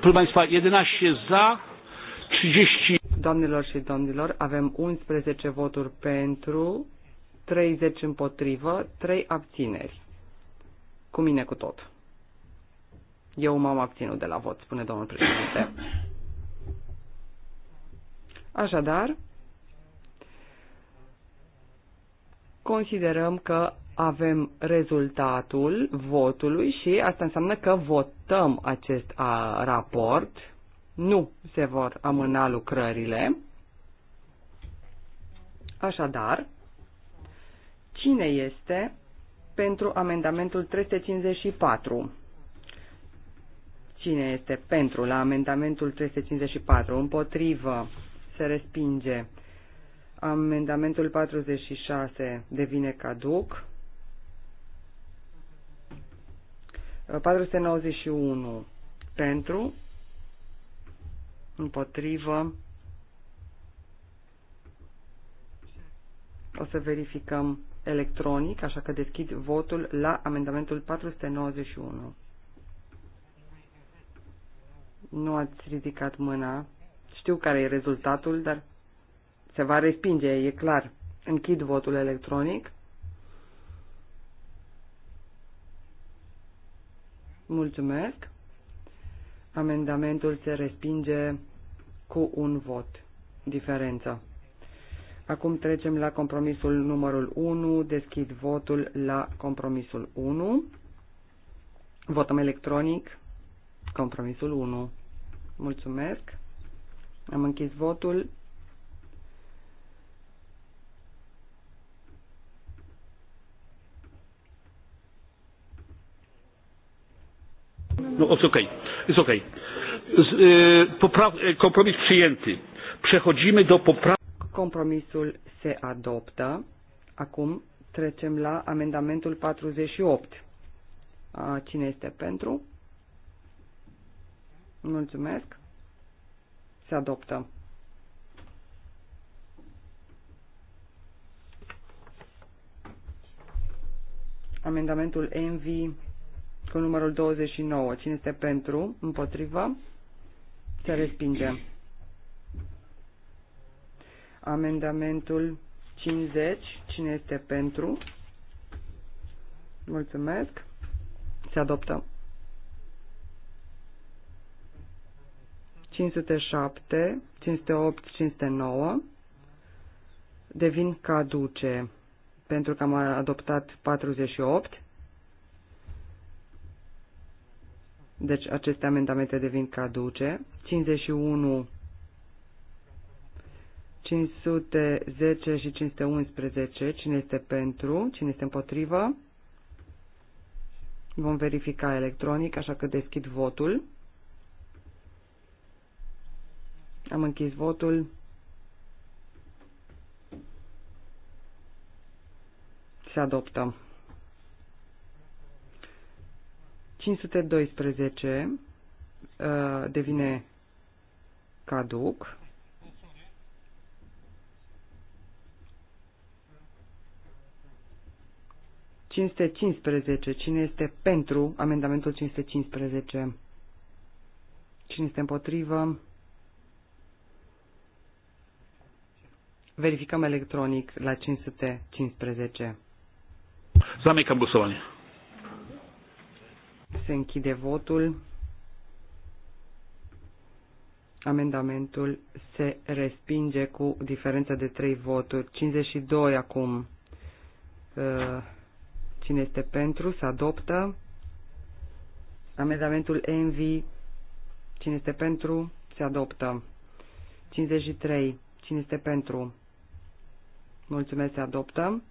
Proszę Państwa, 11 za, 30. Doamnelor și domnilor, avem 11 voturi pentru, 30 împotrivă, 3 abțineri. Cu mine cu tot. Eu m-am abținut de la vot, spune domnul președinte. Așadar, considerăm că avem rezultatul votului și asta înseamnă că votăm acest a, raport. Nu se vor amâna lucrările. Așadar, cine este pentru amendamentul 354? Cine este pentru la amendamentul 354? Împotrivă. Se respinge. Amendamentul 46 devine caduc. 491 pentru, împotrivă, o să verificăm electronic, așa că deschid votul la amendamentul 491. Nu ați ridicat mâna. Știu care e rezultatul, dar se va respinge, e clar. Închid votul electronic. Mulțumesc. Amendamentul se respinge cu un vot. Diferența. Acum trecem la compromisul numărul 1. Deschid votul la compromisul 1. Votăm electronic. Compromisul 1. Mulțumesc. Am închis votul. No, it's okay. It's okay. y, popraw- kompromis przyjęty. Przechodzimy do poprawki. Kompromisul se adoptă. Acum trecem la amendamentul 48. A, cine este pentru? Mulțumesc. Se adoptă. Amendamentul NV cu numărul 29. Cine este pentru? Împotrivă? Se respinge. Amendamentul 50. Cine este pentru? Mulțumesc. Se adoptă. 507, 508, 509 devin caduce pentru că am adoptat 48 Deci aceste amendamente devin caduce. 51, 510 și 511. Cine este pentru? Cine este împotrivă? Vom verifica electronic, așa că deschid votul. Am închis votul. Se adoptă. 512 uh, devine caduc. Cinste Cine este pentru amendamentul 515? Cine este împotrivă? Verificăm electronic la 515. Zamecam głosowanie. Se închide votul. Amendamentul se respinge cu diferență de 3 voturi. 52 acum. Uh, cine este pentru? Se adoptă. Amendamentul Envy. Cine este pentru? Se adoptă. 53. Cine este pentru? Mulțumesc, se adoptă.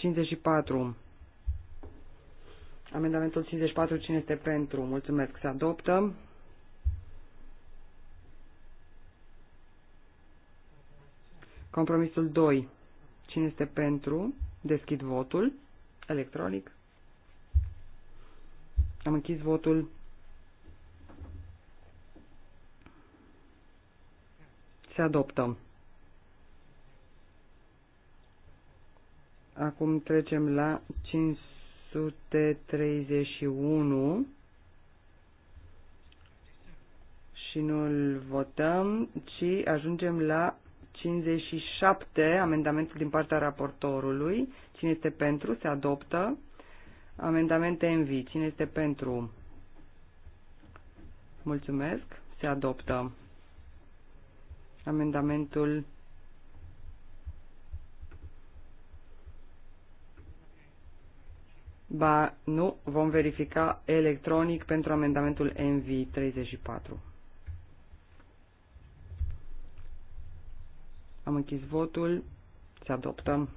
54. Amendamentul 54, cine este pentru? Mulțumesc, se adoptă. Compromisul 2. Cine este pentru? Deschid votul electronic. Am închis votul. Se adoptă. Acum trecem la 531 și nu îl votăm, ci ajungem la 57, amendamentul din partea raportorului. Cine este pentru? Se adoptă. Amendamente în Cine este pentru? Mulțumesc. Se adoptă. Amendamentul Ba nu, vom verifica electronic pentru amendamentul NV34. Am închis votul. Se adoptă.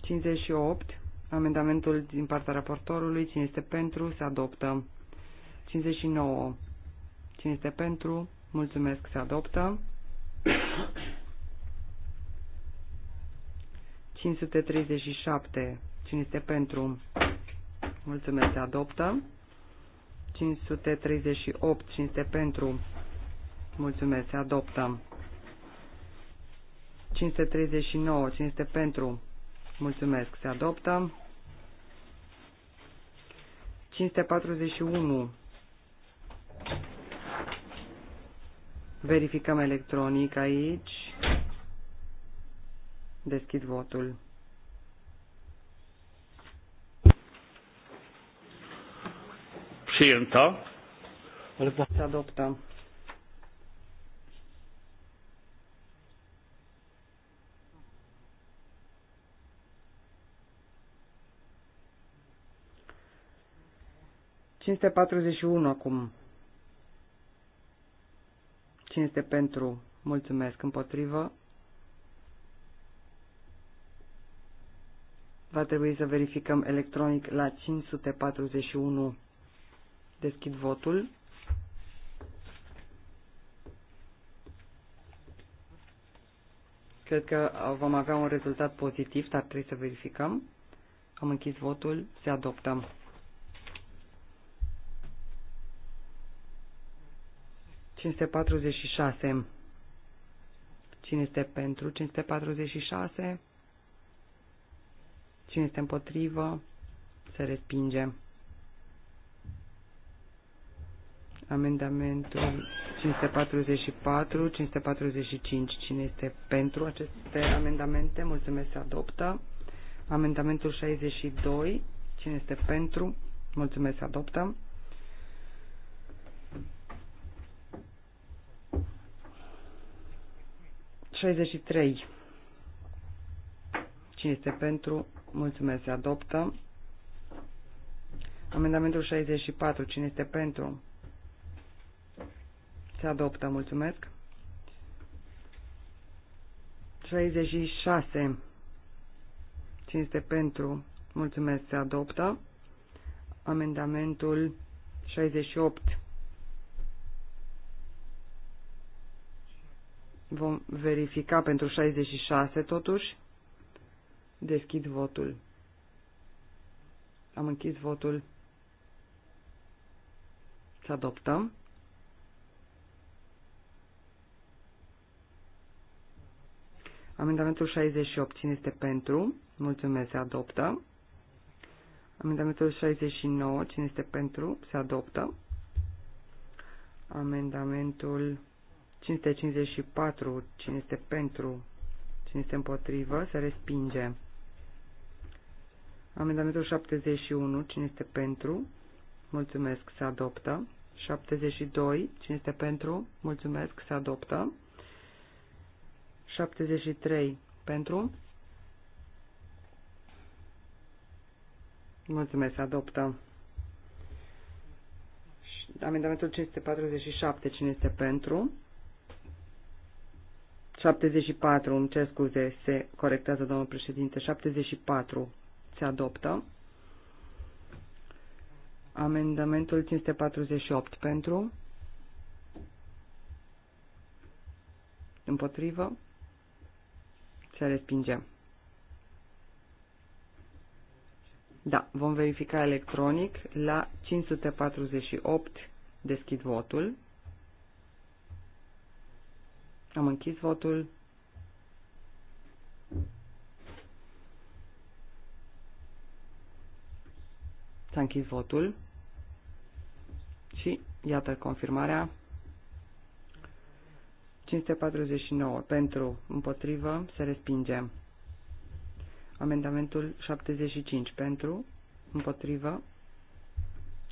58. Amendamentul din partea raportorului. Cine este pentru? Se adoptă. 59. Cine este pentru? Mulțumesc. Se adoptă. 537. Cine este pentru? Mulțumesc, se adoptă. 538. Cine este pentru? Mulțumesc, se adoptă. 539. Cine este pentru? Mulțumesc, se adoptă. 541. Verificăm electronic aici. Deschid votul. Przyjęta. Se adoptă. Cinste patruzeci și unu acum. Cinste pentru. Mulțumesc. Împotrivă. Va trebui să verificăm electronic la 541. Deschid votul. Cred că vom avea un rezultat pozitiv, dar trebuie să verificăm. Am închis votul, se adoptăm. Cinste 46. Cine este pentru 546? Cine este împotrivă? Se respinge. Amendamentul 544, 545. Cine este pentru aceste amendamente? Mulțumesc, se adoptă. Amendamentul 62. Cine este pentru? Mulțumesc, se adoptă. Șaizeci Cine este pentru? Mulțumesc. Se adoptă. Amendamentul 64. Cine este pentru? Se adoptă. Mulțumesc. 66. Cine este pentru? Mulțumesc. Se adoptă. Amendamentul 68. Vom verifica pentru 66 totuși. Deschid votul. Am închis votul. Să adoptăm. Amendamentul 68. Cine este pentru? Mulțumesc. Se adoptă. Amendamentul 69. Cine este pentru? Se adoptă. Amendamentul 554. Cine este pentru? Cine este împotrivă? Se respinge. Amendamentul 71, cine este pentru? Mulțumesc, se adoptă. 72, cine este pentru? Mulțumesc, se adoptă. 73, pentru? Mulțumesc, se adoptă. Amendamentul 547, cine este pentru? 74, îmi cer scuze, se corectează domnul președinte. 74, se adoptă. Amendamentul 548 pentru. Împotrivă. Se respinge. Da, vom verifica electronic la 548 deschid votul. Am închis votul. S-a închis votul. Și iată confirmarea. 549 pentru, împotrivă, se respinge. Amendamentul 75 pentru, împotrivă,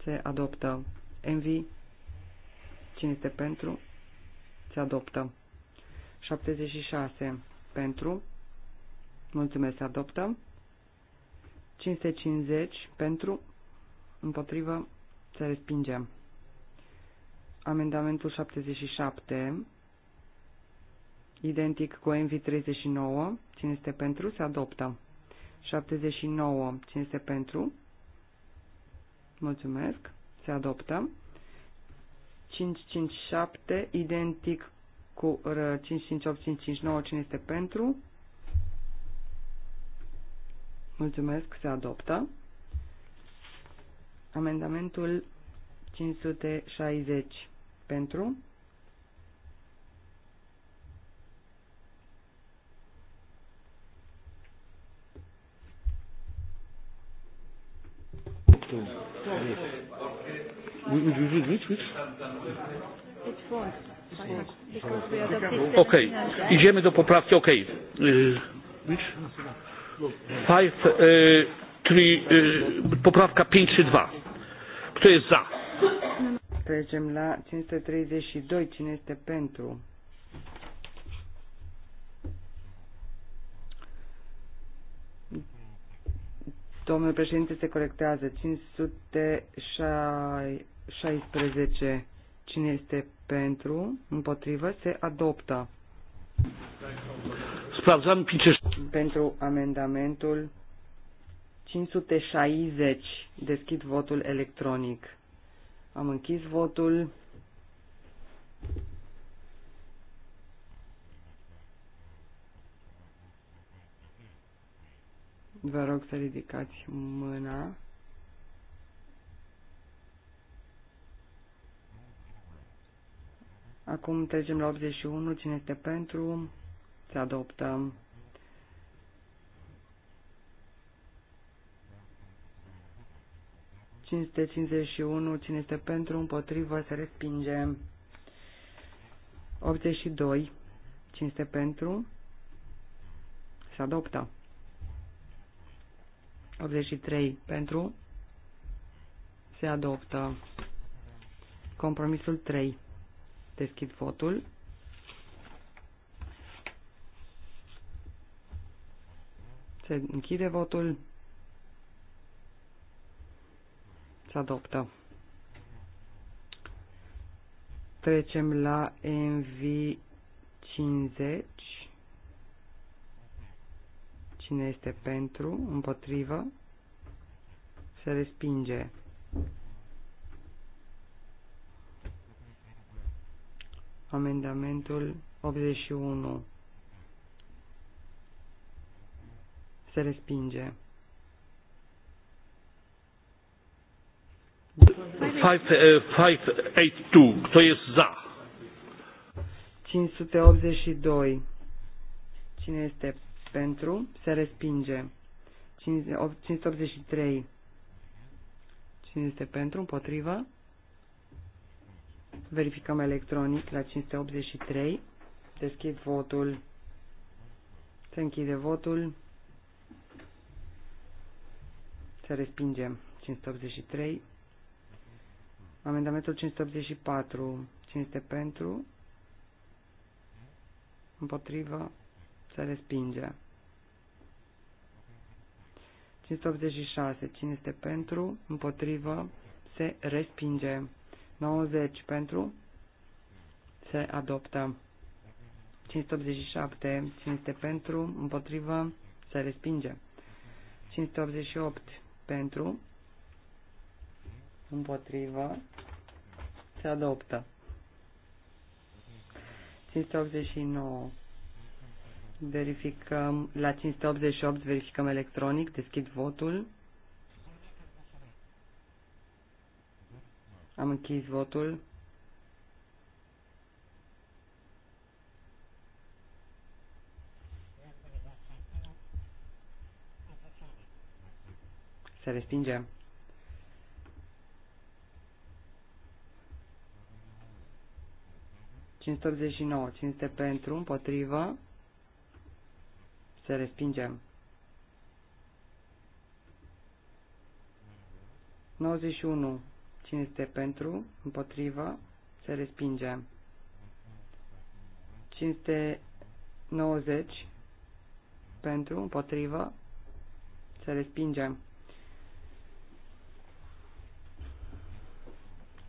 se adoptă. Envi, cine este pentru, se adoptă. 76 pentru, mulțumesc, se adoptă. 550 pentru, împotrivă, se respinge. Amendamentul 77, identic cu MV39, cine este pentru, se adoptă. 79, cine este pentru, mulțumesc, se adoptă. 557, identic cu 558, 559, cine este pentru, mulțumesc, se adoptă. Amendamentul 560 pentru. Ok, idziemy do poprawki. Ok. Five, Czyli y, poprawka 2. Kto jest za? Trecem la 532. Cine este pentru? Domnul președinte se corectează. 516. Cine este pentru? Împotrivă? Se adoptă. Sprawdzam 5... Pentru amendamentul 560. Deschid votul electronic. Am închis votul. Vă rog să ridicați mâna. Acum trecem la 81. Cine este pentru? Se adoptăm. 551, cine este pentru, împotrivă, se respinge. 82, cine este pentru, se adoptă. 83, pentru, se adoptă. Compromisul 3, deschid votul. Se închide votul. se adoptă. Trecem la MV 50. Cine este pentru, împotrivă, se respinge. Amendamentul 81 se respinge. 582. Uh, Kto jest za? 582. Cine este pentru? Se respinge. 583. Cine este pentru? Împotrivă? Verificăm electronic la 583. Deschid votul. Se închide votul. Se respinge. 583. Amendamentul 584. Cine este pentru? Împotrivă? Se respinge. 586. Cine este pentru? Împotrivă? Se respinge. 90. Pentru? Se adoptă. 587. Cine este pentru? Împotrivă? Se respinge. 588. Pentru? împotrivă, se adoptă. 589. Verificăm, la 588 verificăm electronic, deschid votul. Am închis votul. Se respinge. 589. Cine pentru? Împotrivă? Se respingem. 91. Cine pentru? Împotrivă? Se respingem. 590. Pentru? Împotrivă? Se respingem.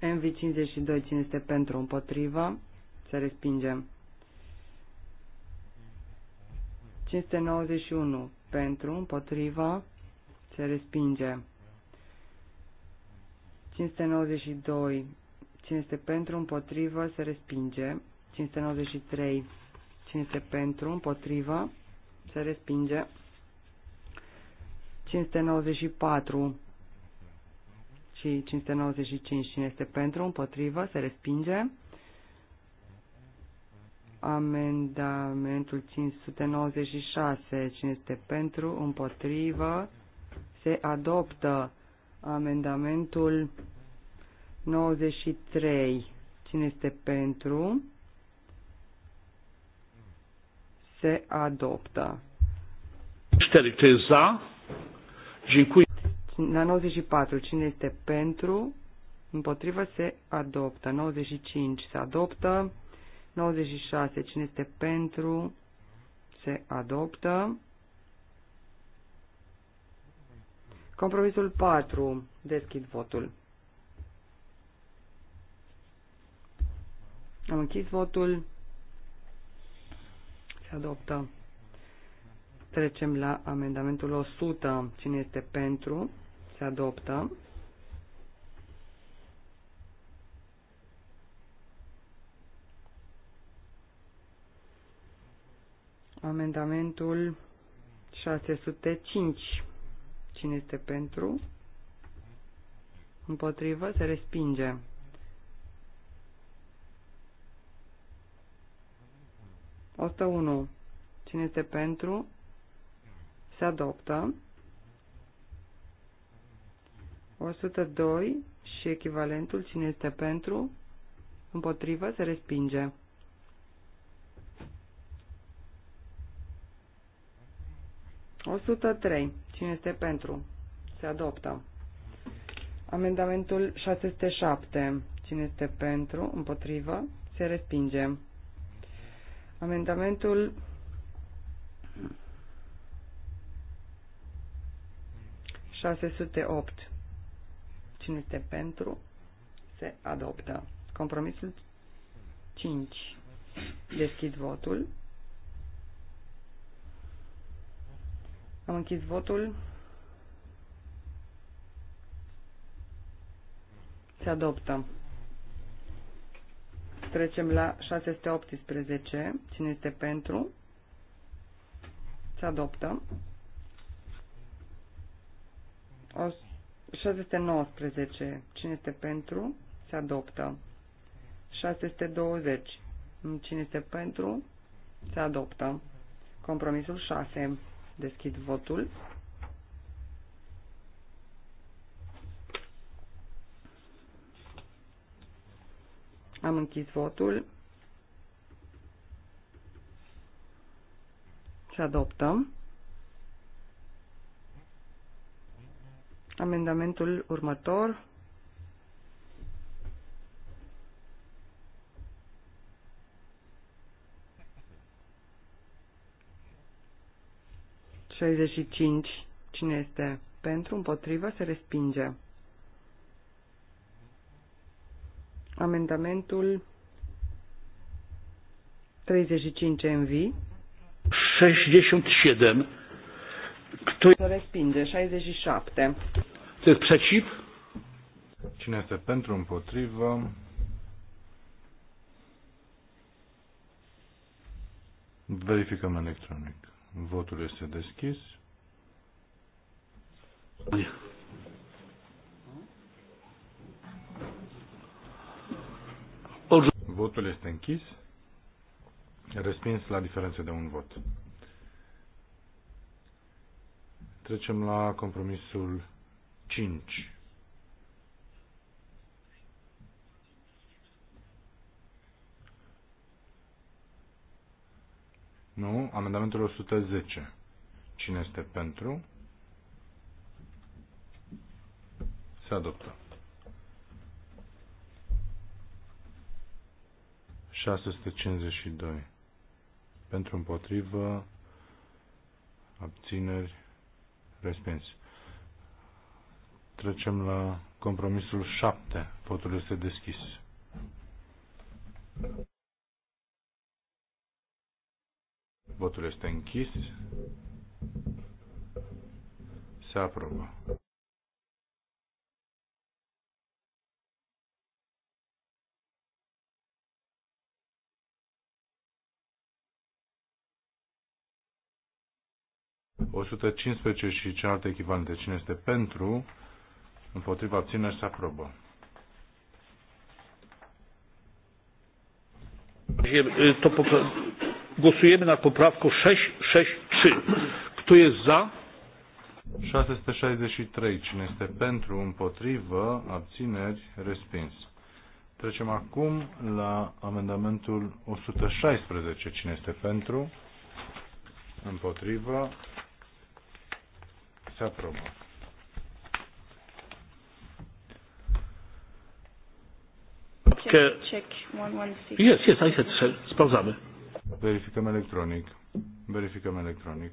MV52. Cine este pentru? Împotrivă? Se respinge. 591 pentru, împotriva, se respinge. 592 Cine este pentru, împotrivă, se respinge. 593. Cine este pentru, împotrivă, se respinge. 594 și 595. Cine este pentru, împotrivă, se respinge amendamentul 596. Cine este pentru, împotrivă, se adoptă. Amendamentul 93. Cine este pentru, se adoptă. 4. Kto La 94. Cine este pentru? Împotrivă se adoptă. 95 se adoptă. 96. Cine este pentru? Se adoptă. Compromisul 4. Deschid votul. Am închis votul. Se adoptă. Trecem la amendamentul 100. Cine este pentru? Se adoptă. amendamentul 605. Cine este pentru? Împotrivă se respinge. Osta 1. Cine este pentru? Se adoptă. 102 și echivalentul cine este pentru, împotrivă, se respinge. 103. Cine este pentru? Se adoptă. Amendamentul 607. Cine este pentru? Împotrivă? Se respinge. Amendamentul 608. Cine este pentru? Se adoptă. Compromisul 5. Deschid votul. Am închis votul. Se adoptă. Trecem la 618. Cine este pentru? Se adoptă. O, 619. Cine este pentru? Se adoptă. 620. Cine este pentru? Se adoptă. Compromisul 6. Deschid votul. Am închis votul. Și adoptăm. Amendamentul următor 65. Cine este pentru, împotrivă, se respinge. Amendamentul 35 MV. 67. Kto... Se respinge. 67. Ce jest Cine este pentru, împotrivă? Verificăm electronic. Votul este deschis. Votul este închis. Respins la diferență de un vot. Trecem la compromisul 5. Nu. Amendamentul 110. Cine este pentru? Se adoptă. 652. Pentru împotrivă, abțineri, respins. Trecem la compromisul 7. Votul este deschis. Votul este închis. Se aprobă. O 115 și cealaltă echivalente. Cine este pentru? Împotriva abțineri se aprobă. Głosujemy nad poprawką 663. Kto jest za? 663. Cine este pentru, împotrivă, abțineri, respins. Trecem acum la amendamentul 116. Cine este pentru, împotrivă, se aprobă. Check, check one, one, six. Yes, yes, I said, sprawdzamy. Verificăm electronic. Verificăm electronic.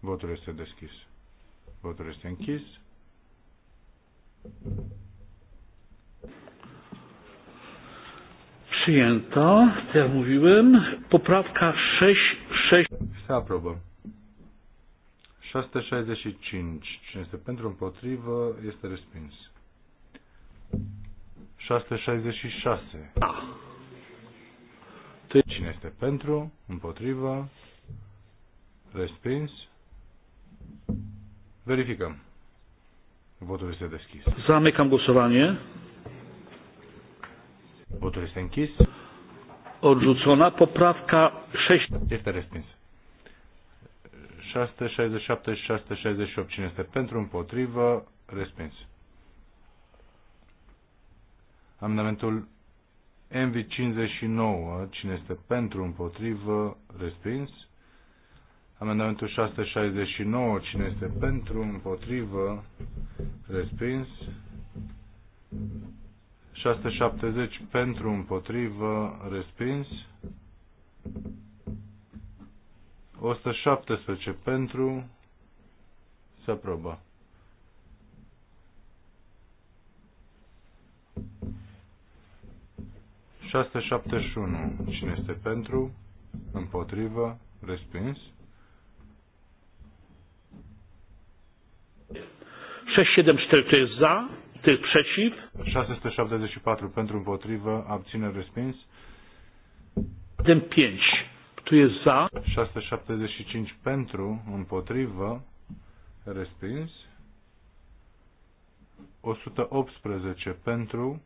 Votul este deschis. Votul este închis. Przyjęta, tak jak mówiłem, poprawka 6.6. Se aprobă. 665. Cine este pentru împotrivă este respins. 666. Da. Cine este pentru? Împotrivă? Respins? Verificăm. Votul este deschis. Zamecam głosowanie. Votul este închis. Odrzucona poprawka 6. Este respins. 667 și 668. Cine este pentru, împotrivă, respins. Amendamentul MV59, cine este pentru, împotrivă, respins. Amendamentul 669, cine este pentru, împotrivă, respins. 670 pentru, împotrivă, respins. 117 pentru, se aprobă. 671. Cine este pentru? Împotrivă? Respins. 674 to jest za, to przeciw. 674 pentru împotrivă, abține respins. 5, tu jest za. 675 pentru împotrivă, respins. 118 pentru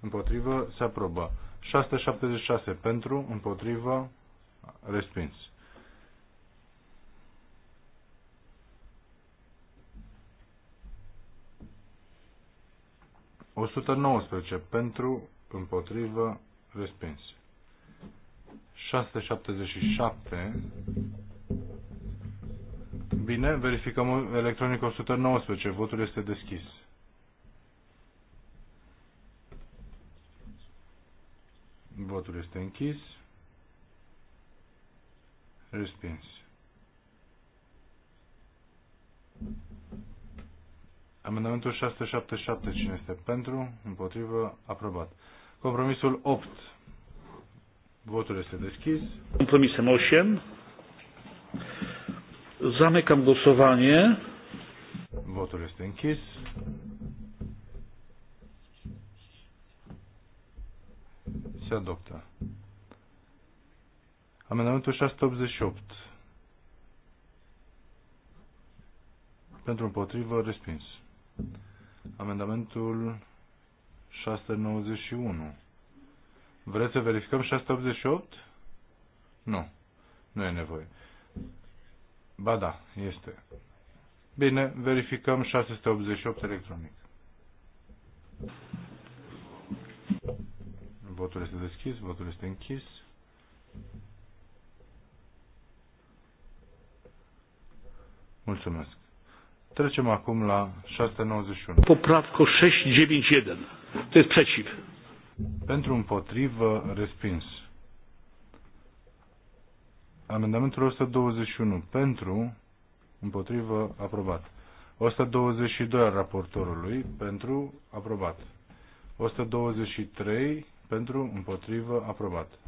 împotrivă, se aprobă. 676 pentru, împotrivă, respins. O 119 pentru, împotrivă, respins. 677 Bine, verificăm electronic 119. Votul este deschis. Votul este închis. Respins. Amendamentul 677, cine este pentru? Împotrivă? Aprobat. Compromisul 8. Votul este deschis. Compromisul 8. Zamykam głosowanie. Votul este închis. se adoptă. Amendamentul 688. Pentru împotrivă, respins. Amendamentul 691. Vreți să verificăm 688? Nu. Nu e nevoie. Ba da, este. Bine, verificăm 688 electronic. Votul este deschis, votul este închis. Mulțumesc. Trecem acum la 691. Poprawko 691. To jest przeciw. Pentru împotrivă, respins. Amendamentul 121. Pentru, împotrivă, aprobat. 122 al raportorului, pentru, aprobat. 123 pentru, împotrivă, aprobat.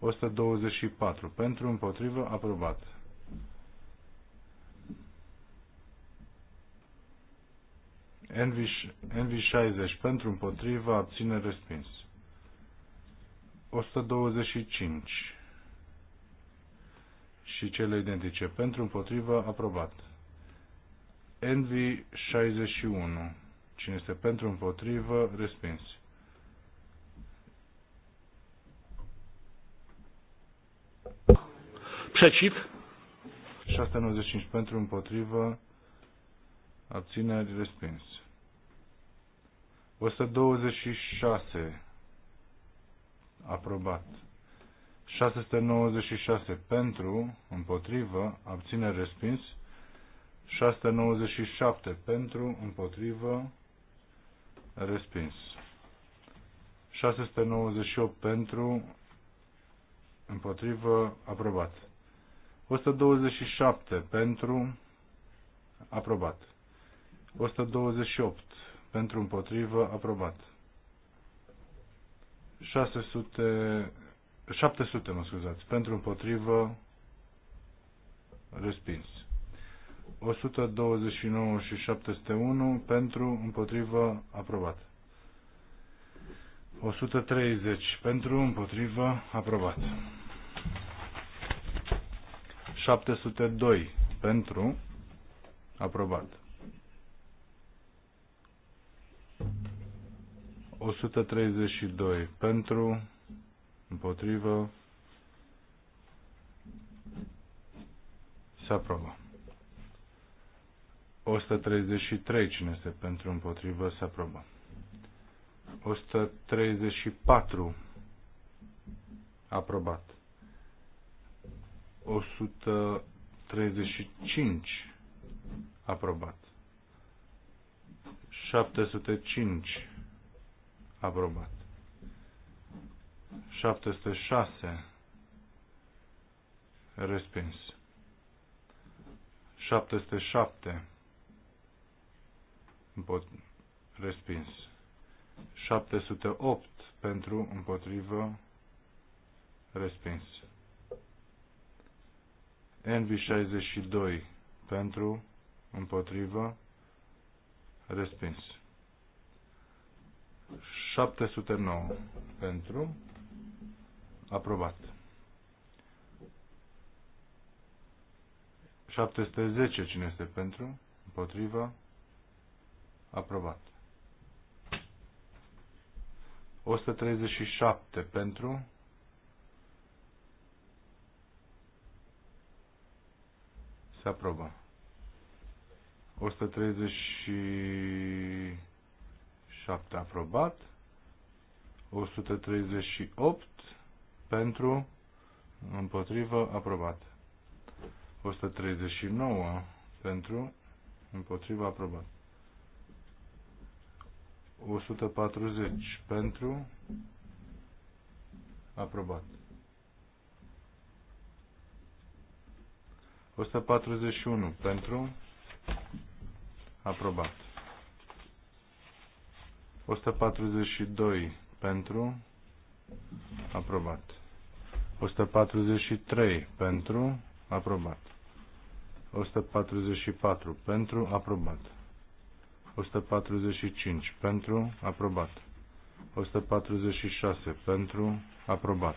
124 pentru, împotrivă, aprobat. NV60 pentru, împotrivă, abține, respins. 125 și cele identice pentru, împotrivă, aprobat. NV61 cine este pentru, împotrivă, respins. Przeciw? 695 pentru, împotrivă, abțineri, respins. 126 aprobat. 696 pentru, împotrivă, abțineri, respins. 697 pentru, împotrivă, respins. 698 pentru, împotrivă, aprobat. 127 pentru aprobat. 128 pentru împotrivă aprobat. 600 700, mă scuzați, pentru împotrivă respins. 129 și 701 pentru împotrivă aprobat. 130 pentru împotrivă aprobat. 702 pentru aprobat. 132 pentru împotrivă se aprobă. 133 cine este pentru împotrivă se aprobă. 134 aprobat. 135 aprobat. 705 aprobat. 706 respins. 707 respins. 708 pentru împotrivă respins. NV62 pentru, împotrivă, respins. 709 pentru, aprobat. 710 cine este pentru, împotrivă, aprobat. 137 pentru, Se aprobă. 137 aprobat. 138 pentru, împotrivă, aprobat. 139 pentru, împotrivă, aprobat. 140 pentru, aprobat. 141 pentru, aprobat. 142 pentru, aprobat. 143 pentru, aprobat. 144 pentru, aprobat. 145 pentru, aprobat. 146 pentru, aprobat.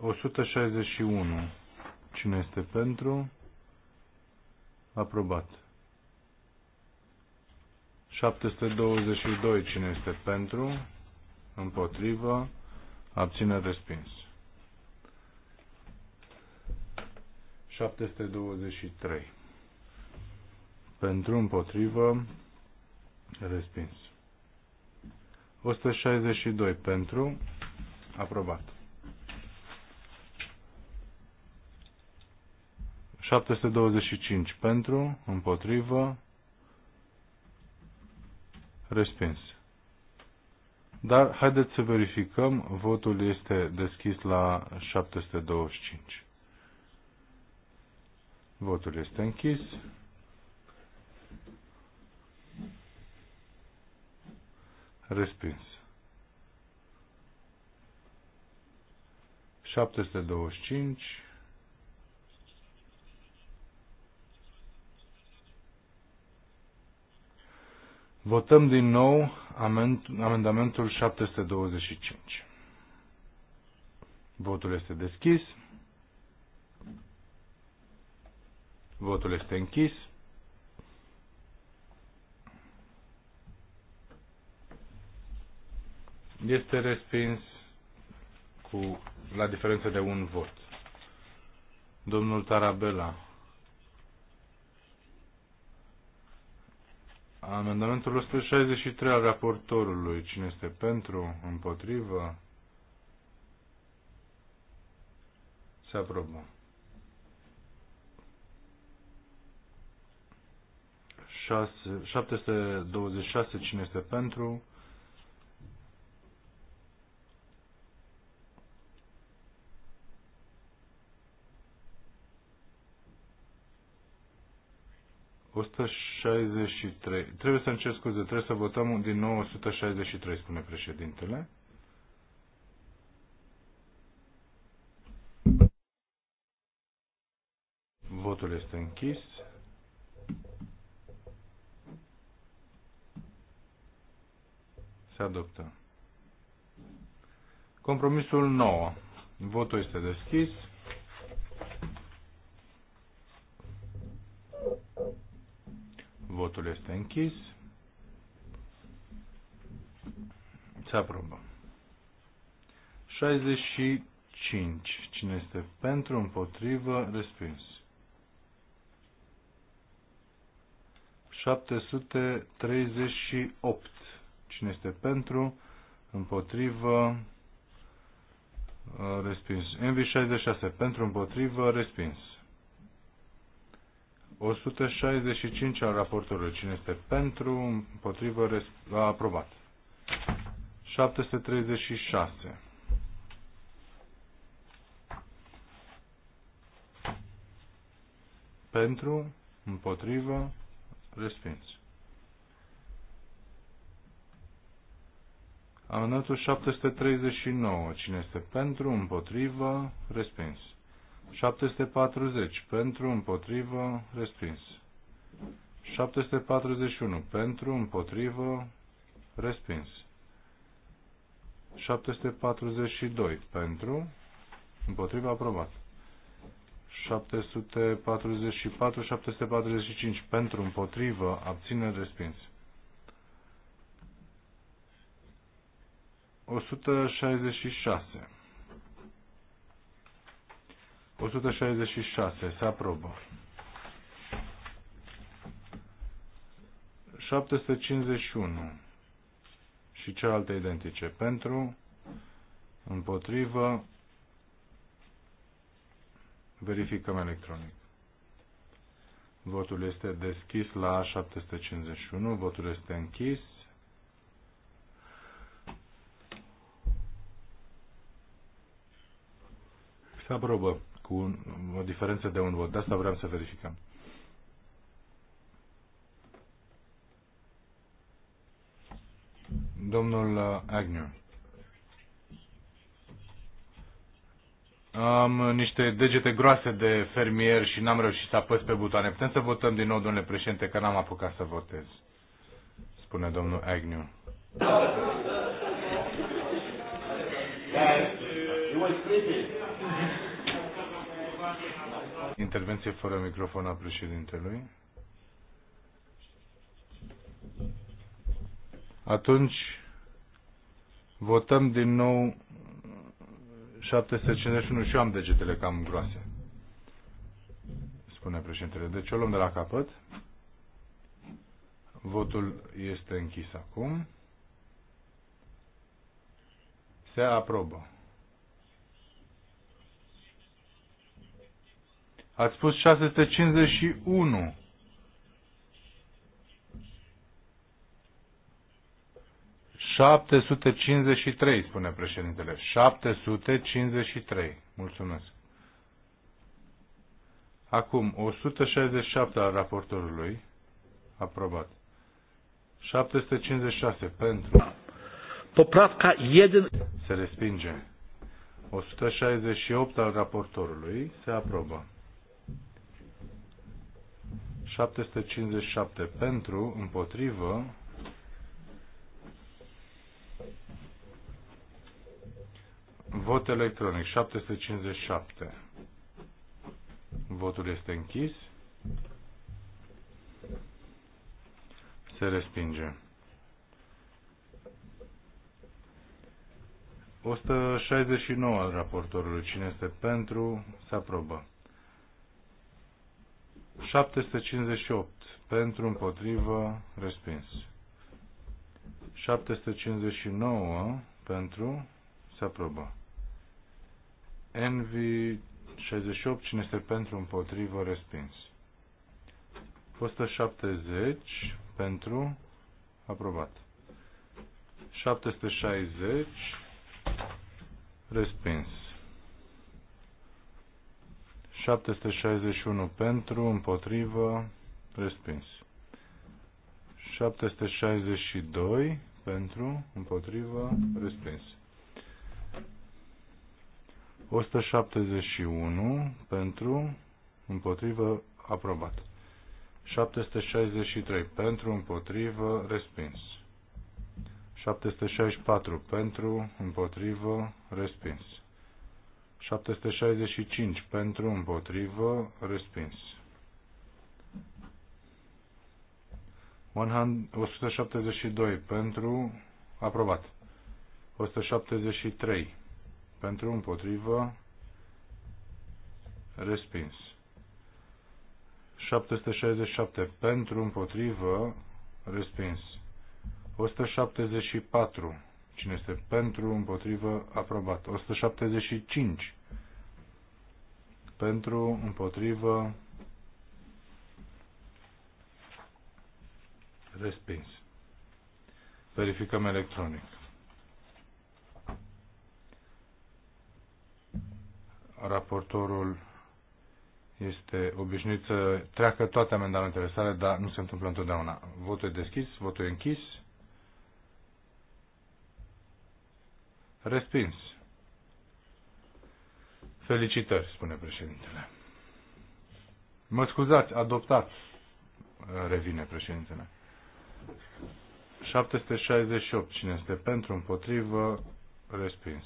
161. Cine este pentru? Aprobat. 722. Cine este pentru? Împotrivă. Abține respins. 723. Pentru, împotrivă, respins. 162. Pentru, aprobat. 725 pentru, împotrivă, respins. Dar haideți să verificăm, votul este deschis la 725. Votul este închis. Respins. 725 Votăm din nou amendamentul 725. Votul este deschis. Votul este închis. Este respins cu la diferență de un vot. Domnul Tarabela Amendamentul 163 al raportorului. Cine este pentru? Împotrivă? Se aprobă. 6, 726. Cine este pentru? 163. Trebuie să încerc scuze, trebuie să votăm din nou 163, spune președintele. Votul este închis. Se adoptă. Compromisul 9. Votul este deschis. Votul este închis. Se aprobă. 65. Cine este pentru, împotrivă, respins. 738. Cine este pentru, împotrivă, uh, respins. MV66. Pentru, împotrivă, respins. 165 al raportului. Cine este pentru, împotrivă, a aprobat. 736. Pentru, împotrivă, respins. Amendamentul 739. Cine este pentru, împotrivă, respins. 740 pentru, împotrivă, respins. 741 pentru, împotrivă, respins. 742 pentru, împotrivă, aprobat. 744, 745 pentru, împotrivă, abține, respins. 166 166. Se aprobă. 751 și cealaltă identice. Pentru, împotrivă, verificăm electronic. Votul este deschis la 751, votul este închis. Se aprobă cu o diferență de un vot. De asta vreau să verificăm. Domnul uh, Agnew. Am niște degete groase de fermier și n-am reușit să apăs pe butoane. Putem să votăm din nou, domnule președinte, că n-am apucat să votez, spune domnul Agnew. You Intervenție fără microfon a președintelui. Atunci votăm din nou 751 și eu am degetele cam groase. Spune președintele. Deci o luăm de la capăt. Votul este închis acum. Se aprobă. Ați spus 651. ...753, spune președintele. 753. Mulțumesc. Acum, șapte al raportorului. Aprobat. 756 pentru. Poprawka 1. Se respinge. opt al raportorului. Se aprobă. 757 pentru, împotrivă, vot electronic, 757. Votul este închis. Se respinge. 169 al raportorului. Cine este pentru, se aprobă. 758 pentru împotrivă respins. 759 pentru se aprobă. Envy 68 cine este pentru împotrivă respins. 170 pentru aprobat. 760 respins. 761 pentru, împotrivă, respins. 762 pentru, împotrivă, respins. 171 pentru, împotrivă, aprobat. 763 pentru, împotrivă, respins. 764 pentru, împotrivă, respins. 765 pentru, împotrivă, respins. 172 pentru, aprobat. 173 pentru, împotrivă, respins. 767 pentru, împotrivă, respins. 174 Cine este pentru, împotrivă, aprobat. 175. Pentru, împotrivă, respins. Verificăm electronic. Raportorul este obișnuit să treacă toate amendamentele sale, dar nu se întâmplă întotdeauna. Votul e deschis, votul e închis. Respins. Felicitări, spune președintele. Mă scuzați, adoptați, revine președintele. 768. Cine este pentru, împotrivă, respins.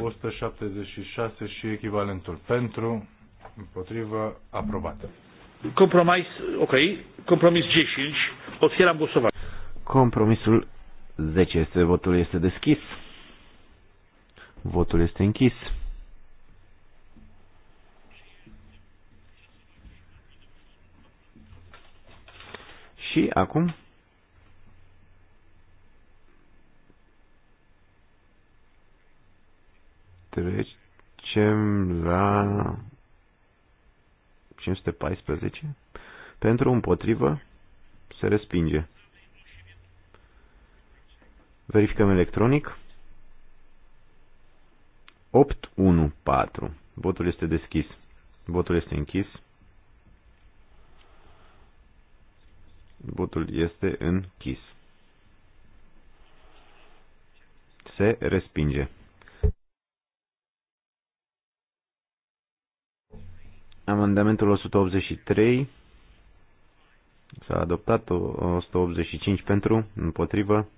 176 și echivalentul pentru, împotrivă, aprobat. Compromis, ok, compromis 10. O Otwieram la Compromisul 10 este votul este deschis. Votul este închis. Și acum trecem la 514 pentru împotrivă se respinge. Verificăm electronic. 814. Votul este deschis. Votul este închis. Votul este închis. Se respinge. Amendamentul 183 s-a adoptat 185 pentru, împotrivă,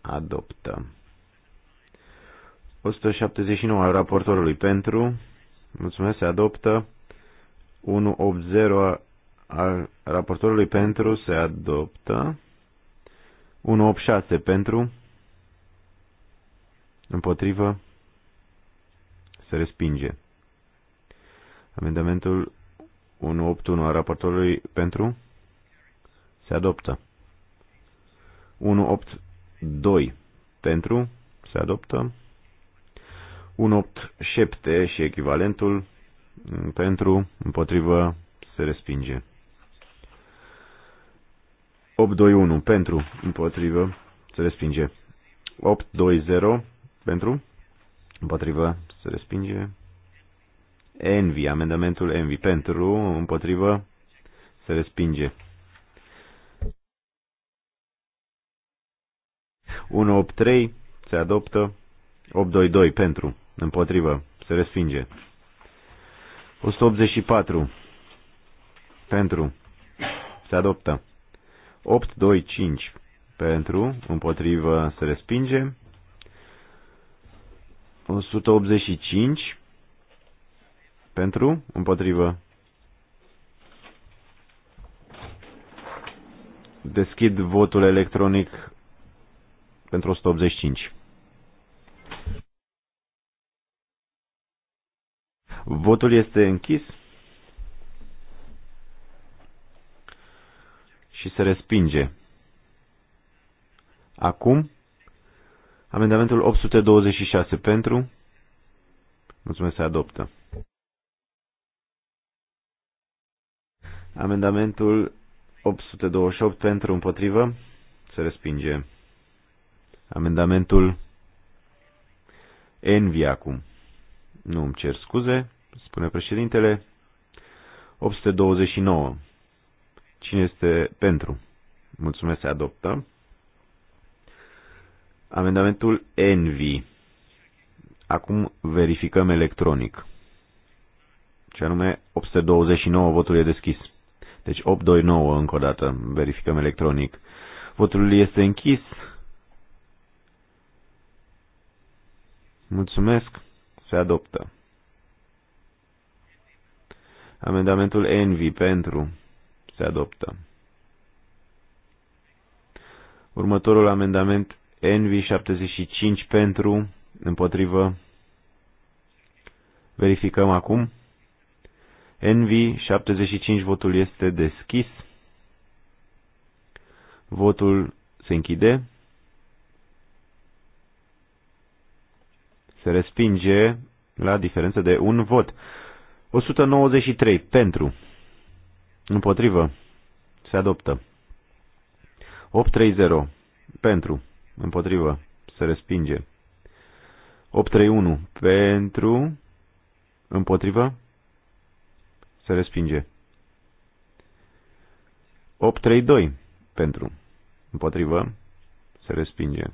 adoptă. 179 al raportorului pentru, mulțumesc, se adoptă. 180 al raportorului pentru, se adoptă. 186 pentru, împotrivă, se respinge. Amendamentul 181 al raportorului pentru se adoptă. 18 2 pentru, se adoptă. 187 și echivalentul pentru, împotrivă, se respinge. 821 pentru, împotrivă, se respinge. 820 pentru, împotrivă, se respinge. Envy, amendamentul Envy pentru, împotrivă, se respinge. 183 se adoptă. 822 pentru. Împotrivă. Se respinge. 184 pentru. Se adoptă. 825 pentru. Împotrivă. Se respinge. 185 pentru. Împotrivă. Deschid votul electronic pentru 185. Votul este închis și se respinge. Acum, amendamentul 826 pentru. Mulțumesc, se adoptă. Amendamentul 828 pentru împotrivă se respinge. Amendamentul Envi acum. Nu îmi cer scuze, spune președintele. 829. Cine este pentru? Mulțumesc, se adoptă. Amendamentul Envi. Acum verificăm electronic. Ce anume, 829 votul e deschis. Deci 829 încă o dată verificăm electronic. Votul este închis. Mulțumesc. Se adoptă. Amendamentul Envy pentru se adoptă. Următorul amendament Envy 75 pentru împotrivă. Verificăm acum. Envy 75 votul este deschis. Votul se închide. Se respinge la diferență de un vot. 193 pentru. Împotrivă. Se adoptă. 830 pentru. Împotrivă. Se respinge. 831 pentru. Împotrivă. Se respinge. 832 pentru. Împotrivă. Se respinge.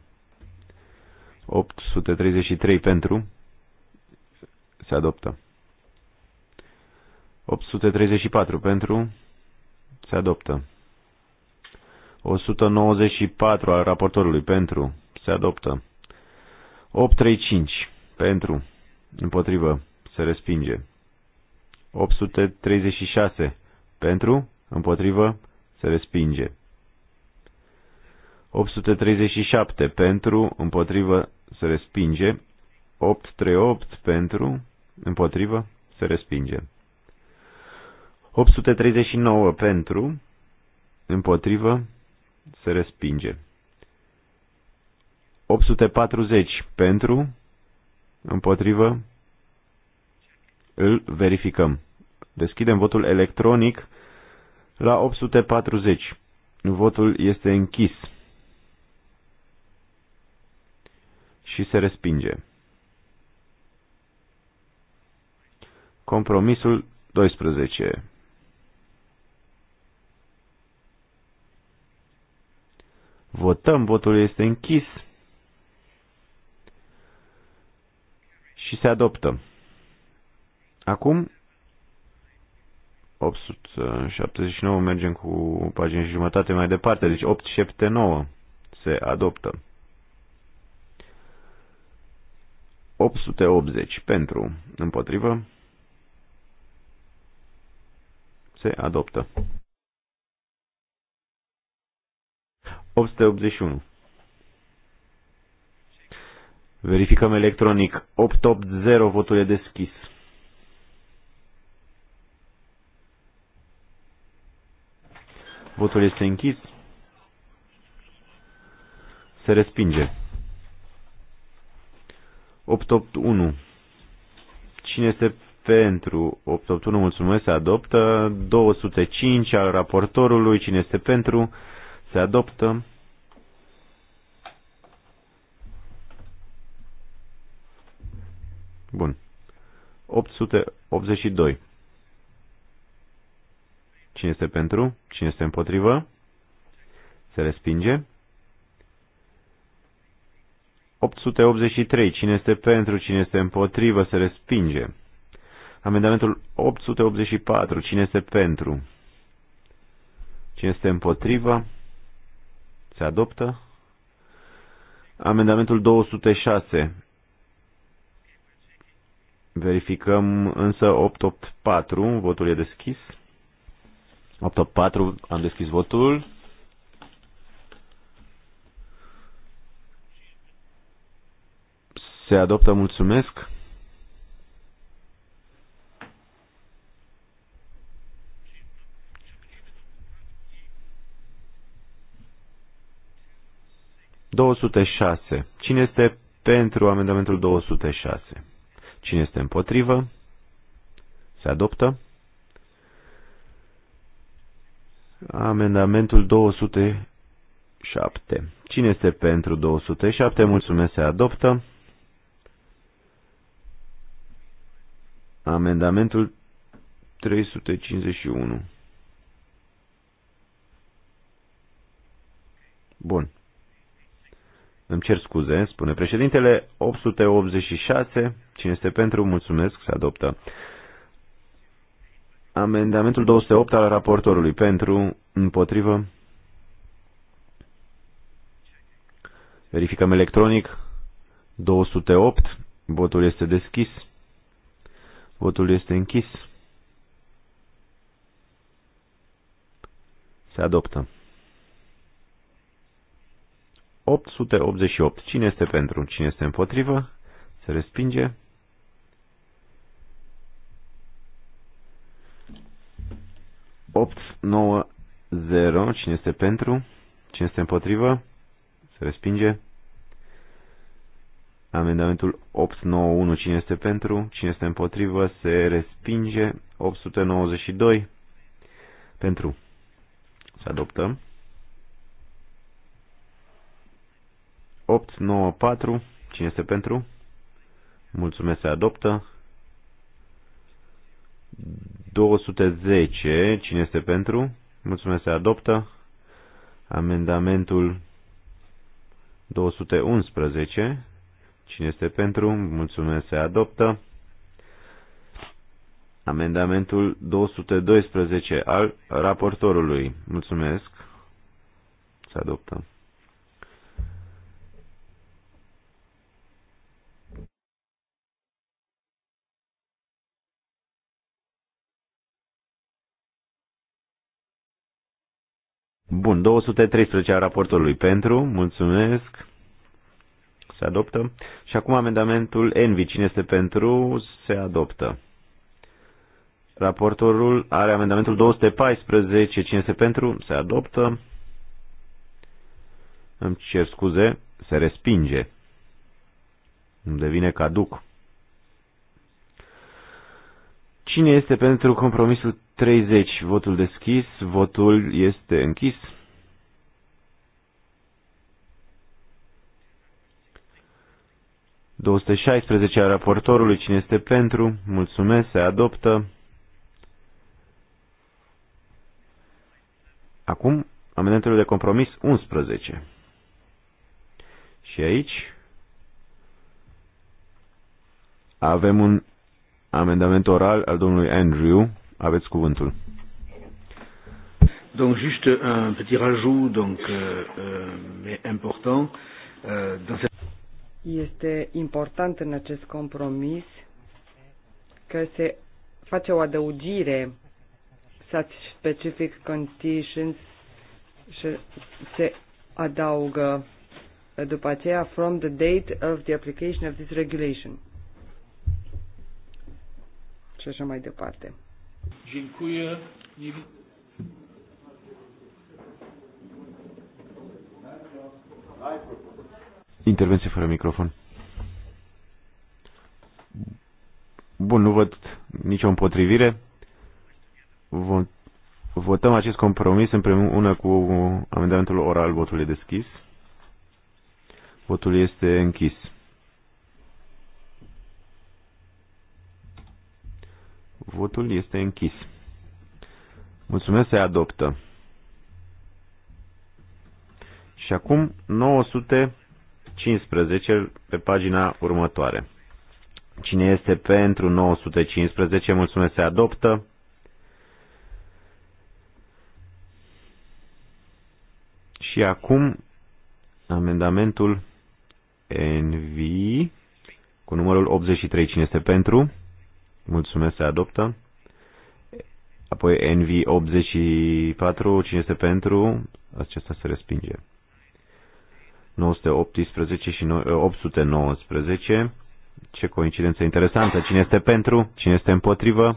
833 pentru. Se adoptă. 834 pentru. Se adoptă. 194 al raportorului pentru. Se adoptă. 835 pentru. Împotrivă. Se respinge. 836 pentru. Împotrivă. Se respinge. 837 pentru, împotrivă, se respinge. 838 pentru, împotrivă, se respinge. 839 pentru, împotrivă, se respinge. 840 pentru, împotrivă, îl verificăm. Deschidem votul electronic la 840. Votul este închis. și se respinge. Compromisul 12 Votăm, votul este închis și se adoptă. Acum 879 mergem cu pagini și jumătate mai departe, deci 879 se adoptă. 880 pentru, împotrivă, se adoptă. 881. Verificăm electronic. 880 votul e deschis. Votul este închis. Se respinge. 881. Cine este pentru 881? Mulțumesc, se adoptă. 205 al raportorului. Cine este pentru? Se adoptă. Bun. 882. Cine este pentru? Cine este împotrivă? Se respinge. 883. Cine este pentru, cine este împotrivă, se respinge. Amendamentul 884. Cine este pentru? Cine este împotrivă? Se adoptă. Amendamentul 206. Verificăm însă 884. Votul e deschis. 884. Am deschis votul. Se adoptă, mulțumesc. șase. Cine este pentru amendamentul 206? Cine este împotrivă? Se adoptă. Amendamentul 207. Cine este pentru 207? Mulțumesc, se adoptă. Amendamentul 351. Bun. Îmi cer scuze, spune președintele, 886, cine este pentru, mulțumesc, se adoptă. Amendamentul 208 al raportorului, pentru, împotrivă. Verificăm electronic, 208, votul este deschis. Votul este închis. Se adoptă. 888. Cine este pentru? Cine este împotrivă? Se respinge. Opt, nouă, zero. Cine este pentru? Cine este împotrivă? Se respinge. Amendamentul 891, cine este pentru, cine este împotrivă, se respinge. 892, pentru. Să adoptăm. 894, cine este pentru? Mulțumesc, se adoptă. 210, cine este pentru? Mulțumesc, se adoptă. Amendamentul 211, Cine este pentru? Mulțumesc, se adoptă. Amendamentul 212 al raportorului. Mulțumesc. Se adoptă. Bun, 213 a raportului pentru, mulțumesc se adoptă. Și acum amendamentul Envi, cine este pentru, se adoptă. Raportorul are amendamentul 214, cine este pentru, se adoptă. Îmi cer scuze, se respinge. Îmi devine caduc. Cine este pentru compromisul 30? Votul deschis, votul este închis. 216 a raportorului, cine este pentru, mulțumesc, se adoptă. Acum, amendamentul de compromis 11. Și aici avem un amendament oral al domnului Andrew. Aveți cuvântul. Donc juste un petit rajout donc euh, euh mais important euh, dans cette este important în acest compromis că se face o adăugire such specific conditions și se adaugă după aceea from the date of the application of this regulation. Și așa mai departe. Dziękuję. Intervenție fără microfon. Bun, nu văd nicio împotrivire. Votăm acest compromis împreună cu amendamentul oral. Votul deschis. Votul este închis. Votul este închis. Mulțumesc, se adoptă. Și acum 900. 915 pe pagina următoare. Cine este pentru 915, mulțumesc, se adoptă. Și acum amendamentul NV cu numărul 83. Cine este pentru? Mulțumesc, se adoptă. Apoi NV 84. Cine este pentru? Acesta se respinge. 918 și 819. Eh, Ce coincidență interesantă. Cine este pentru? Cine este împotrivă?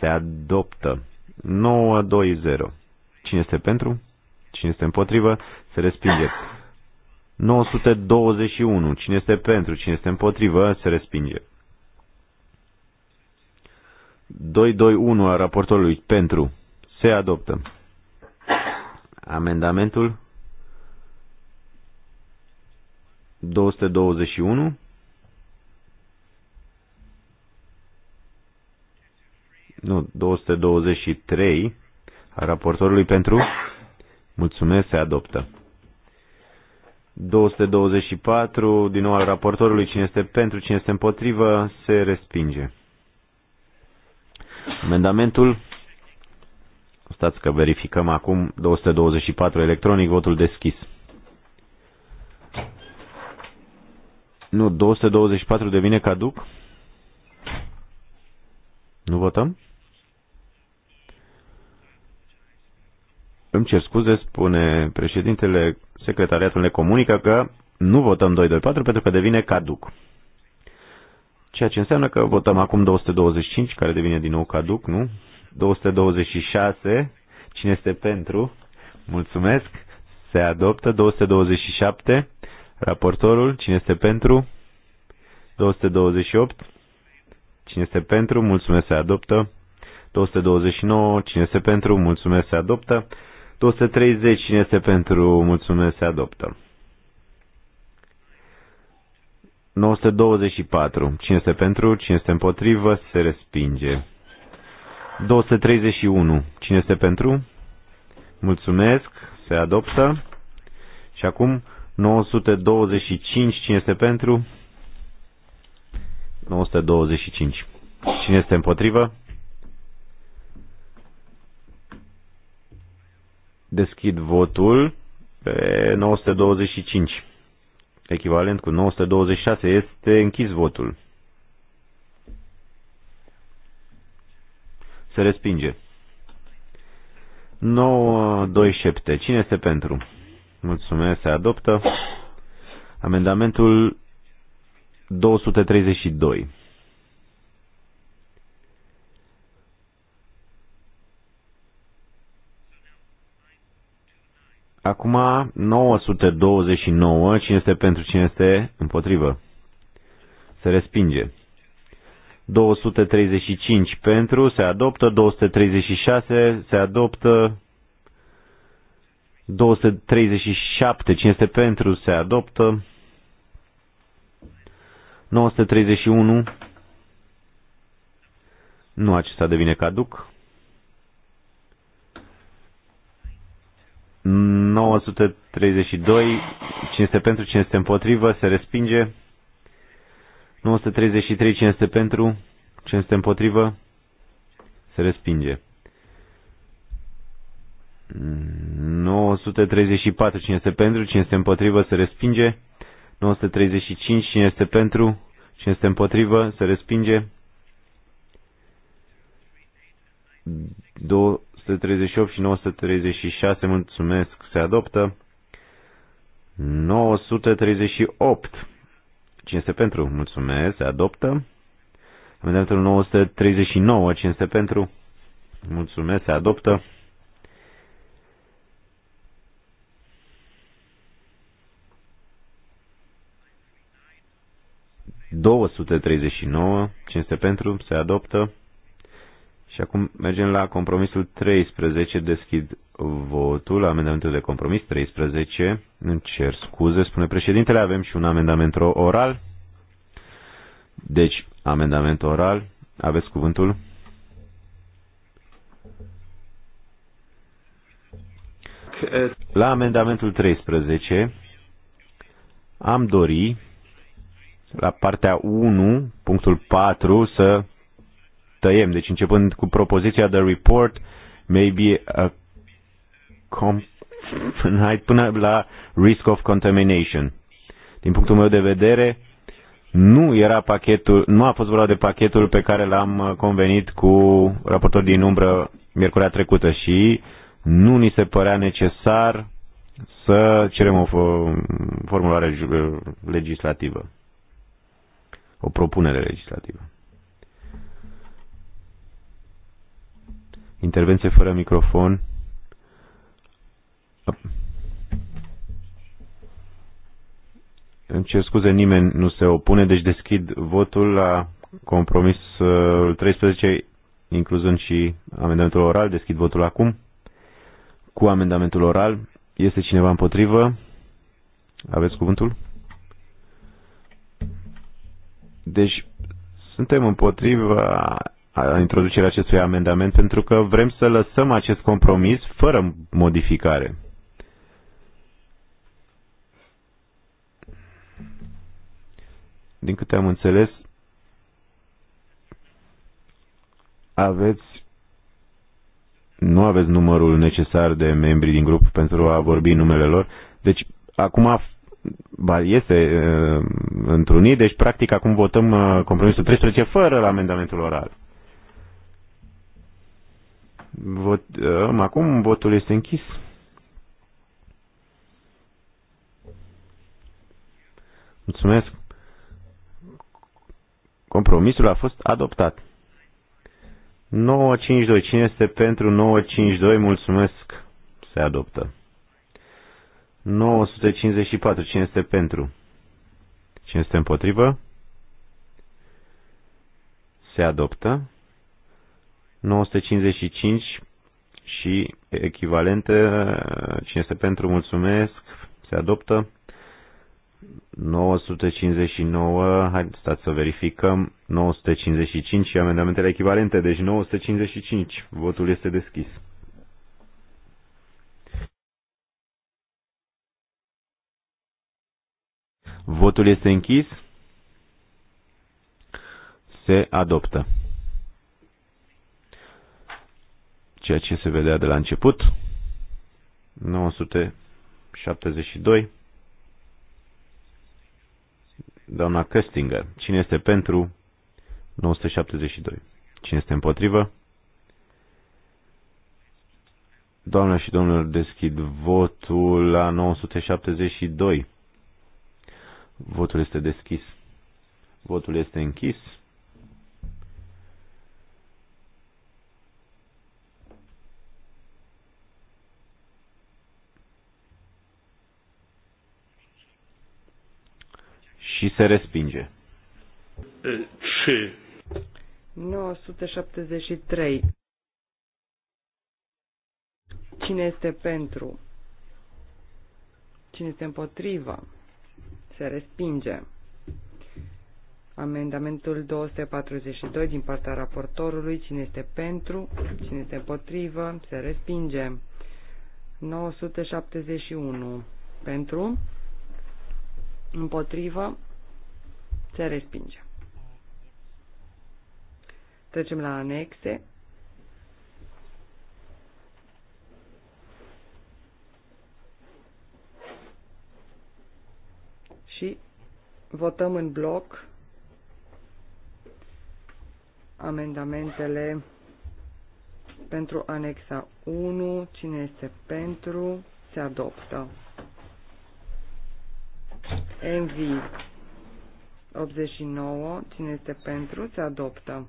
Se adoptă. 920. Cine este pentru? Cine este împotrivă? Se respinge. 921. Cine este pentru? Cine este împotrivă? Se respinge. 221 a raportorului pentru. Se adoptă. Amendamentul 221 nu, 223 a raportorului pentru mulțumesc se adoptă. 224 din nou al raportorului cine este pentru, cine este împotrivă se respinge. Amendamentul stați că verificăm acum 224 electronic votul deschis. Nu, 224 devine caduc? Nu votăm? Îmi cer scuze, spune președintele, secretariatul ne comunică că nu votăm 224 pentru că devine caduc. Ceea ce înseamnă că votăm acum 225, care devine din nou caduc, nu? 226, cine este pentru? Mulțumesc. Se adoptă 227. Raportorul, cine este pentru? 228. Cine este pentru? Mulțumesc, se adoptă. 229. Cine este pentru? Mulțumesc, se adoptă. 230. Cine este pentru? Mulțumesc, se adoptă. 924. Cine este pentru? Cine este împotrivă? Se respinge. 231. Cine este pentru? Mulțumesc. Se adoptă. Și acum 925, cine este pentru? 925. Cine este împotrivă? Deschid votul pe 925. Echivalent cu 926 este închis votul. Se respinge. 927. Cine este pentru? Mulțumesc, se adoptă. Amendamentul 232. Acum 929, cine este pentru, cine este împotrivă. Se respinge. 235 pentru, se adoptă, 236 se adoptă, 237, cine este pentru, se adoptă. 931, nu acesta devine caduc. 932, cine este pentru, cine este împotrivă, se respinge. 933, cine este pentru, cine este împotrivă, se respinge. 934. Cine este pentru? Cine este împotrivă? Se respinge. 935. Cine este pentru? Cine este împotrivă? Se respinge. 238 și 936. Mulțumesc. Se adoptă. 938. Cine este pentru? Mulțumesc. Se adoptă. Amendamentul 939. Cine este pentru? Mulțumesc. Se adoptă. 239, cine este pentru, se adoptă. Și acum mergem la compromisul 13, deschid votul, amendamentul de compromis 13, îmi cer scuze, spune președintele, avem și un amendament oral. Deci, amendament oral, aveți cuvântul. La amendamentul 13 am dori la partea 1, punctul 4, să tăiem. Deci începând cu propoziția de report, maybe a până la risk of contamination. Din punctul meu de vedere, nu era pachetul, nu a fost vorba de pachetul pe care l-am convenit cu raportorii din umbră miercurea trecută și nu ni se părea necesar să cerem o formulare legislativă o propunere legislativă. Intervenție fără microfon. Îmi cer scuze, nimeni nu se opune, deci deschid votul la compromisul 13, incluzând și amendamentul oral. Deschid votul acum. Cu amendamentul oral, este cineva împotrivă? Aveți cuvântul? Deci suntem împotriva introducerea acestui amendament pentru că vrem să lăsăm acest compromis fără modificare. Din câte am înțeles, aveți nu aveți numărul necesar de membri din grup pentru a vorbi numele lor. Deci, acum ba, este uh, întrunit, deci practic acum votăm uh, compromisul 13 fără la amendamentul oral. Vot, uh, acum votul este închis. Mulțumesc. Compromisul a fost adoptat. 952. Cine este pentru 952? Mulțumesc. Se adoptă. 954. Cine este pentru? Cine este împotrivă? Se adoptă. 955 și echivalente. Cine este pentru? Mulțumesc. Se adoptă. 959, hai stați să verificăm, 955 și amendamentele echivalente, deci 955, votul este deschis. Votul este închis. Se adoptă. Ceea ce se vedea de la început. 972. Doamna Köstinger. Cine este pentru 972? Cine este împotrivă? Doamne și domnilor, deschid votul la 972. Votul este deschis. Votul este închis. Și se respinge. Ce? 973. Cine este pentru? Cine este împotriva? Se respinge. Amendamentul 242 din partea raportorului. Cine este pentru? Cine este împotrivă? Se respinge. 971. Pentru? Împotrivă? Se respinge. Trecem la anexe. și votăm în bloc amendamentele pentru anexa 1, cine este pentru, se adoptă. MV 89, cine este pentru, se adoptă.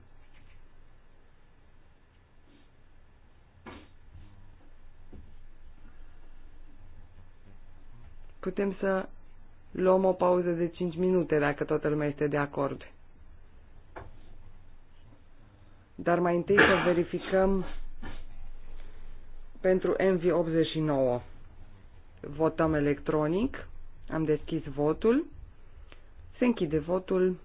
Putem să Luăm o pauză de 5 minute, dacă toată lumea este de acord. Dar mai întâi să verificăm pentru MV89. Votăm electronic. Am deschis votul. Se închide votul.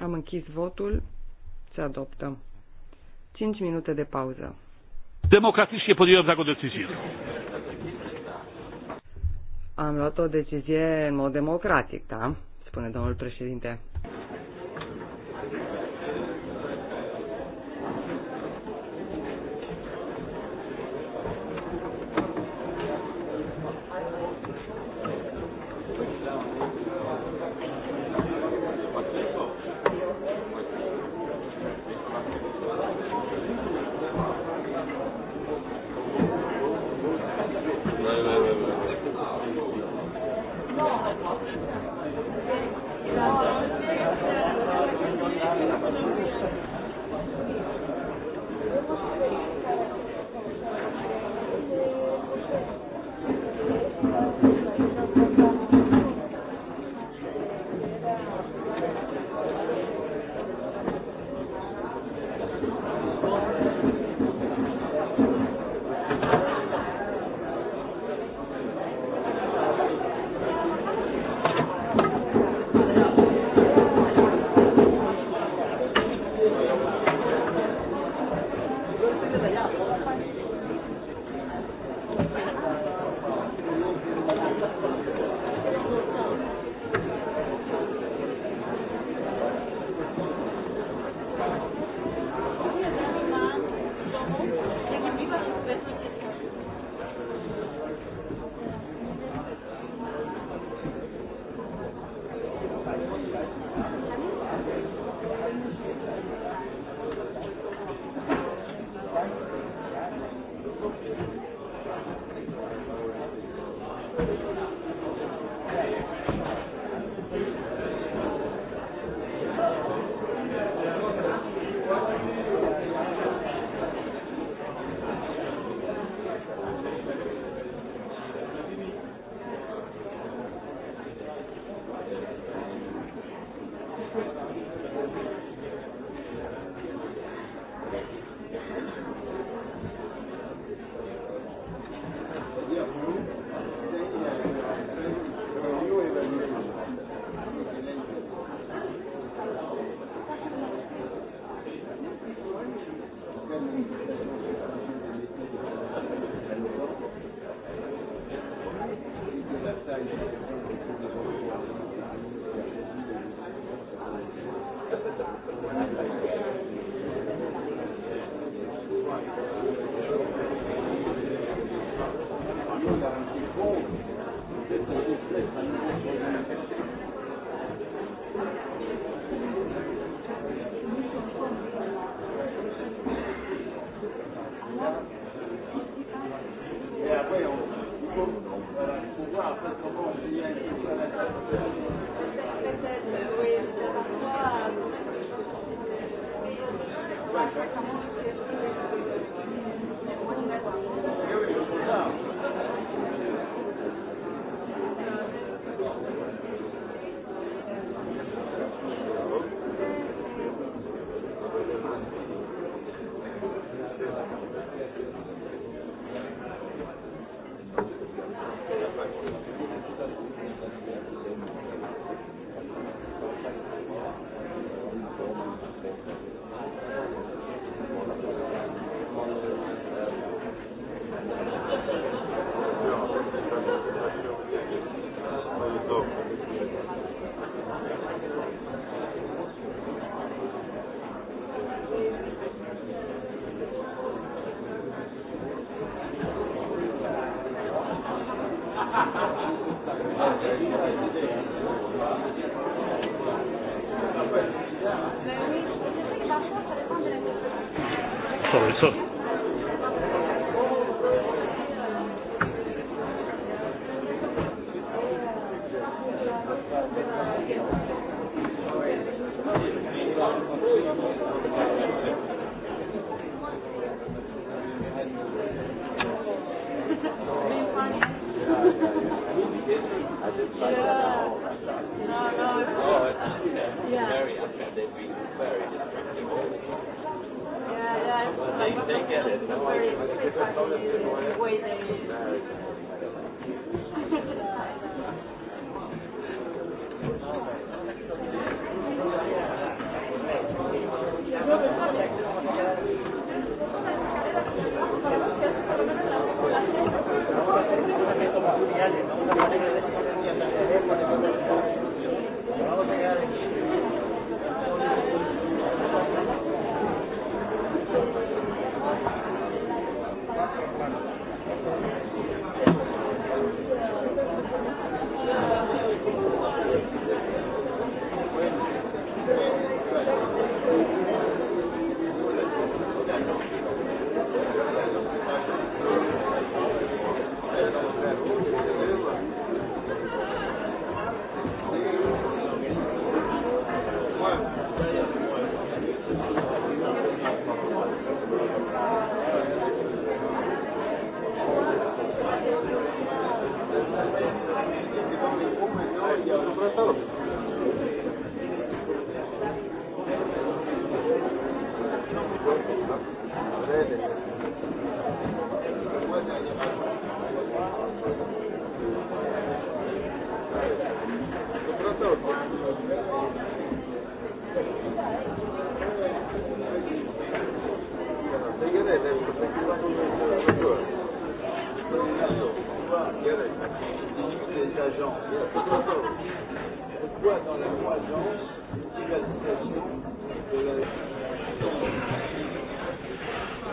Am închis votul. Se adoptă. 5 minute de pauză. Democraticznie podjąłem taką decyzję. Am luat o decizie în mod democratic, da? Spune domnul președinte.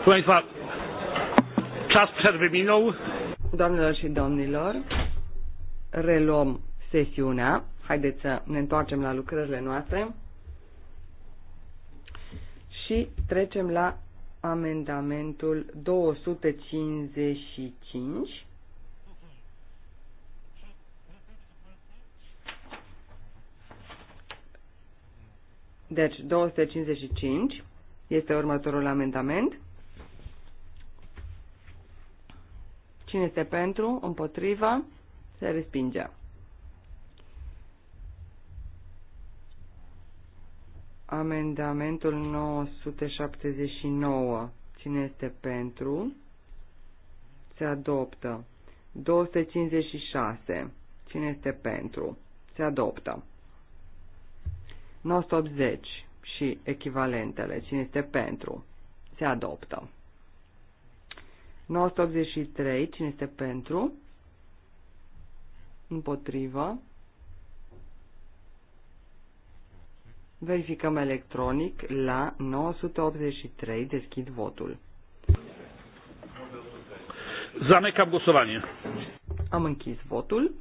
Proszę Państwa, czas przerwy minął. Doamnelor și domnilor, reluăm sesiunea. Haideți să ne întoarcem la lucrările noastre și trecem la amendamentul 255 Deci 255 este următorul amendament. Cine este pentru, împotriva, se respinge. Amendamentul 979. Cine este pentru? Se adoptă. 256. Cine este pentru? Se adoptă. 980 și echivalentele. Cine este pentru? Se adoptă. 983. Cine este pentru? Împotrivă. Verificăm electronic la 983. Deschid votul. Zamecam głosowanie. Am închis votul.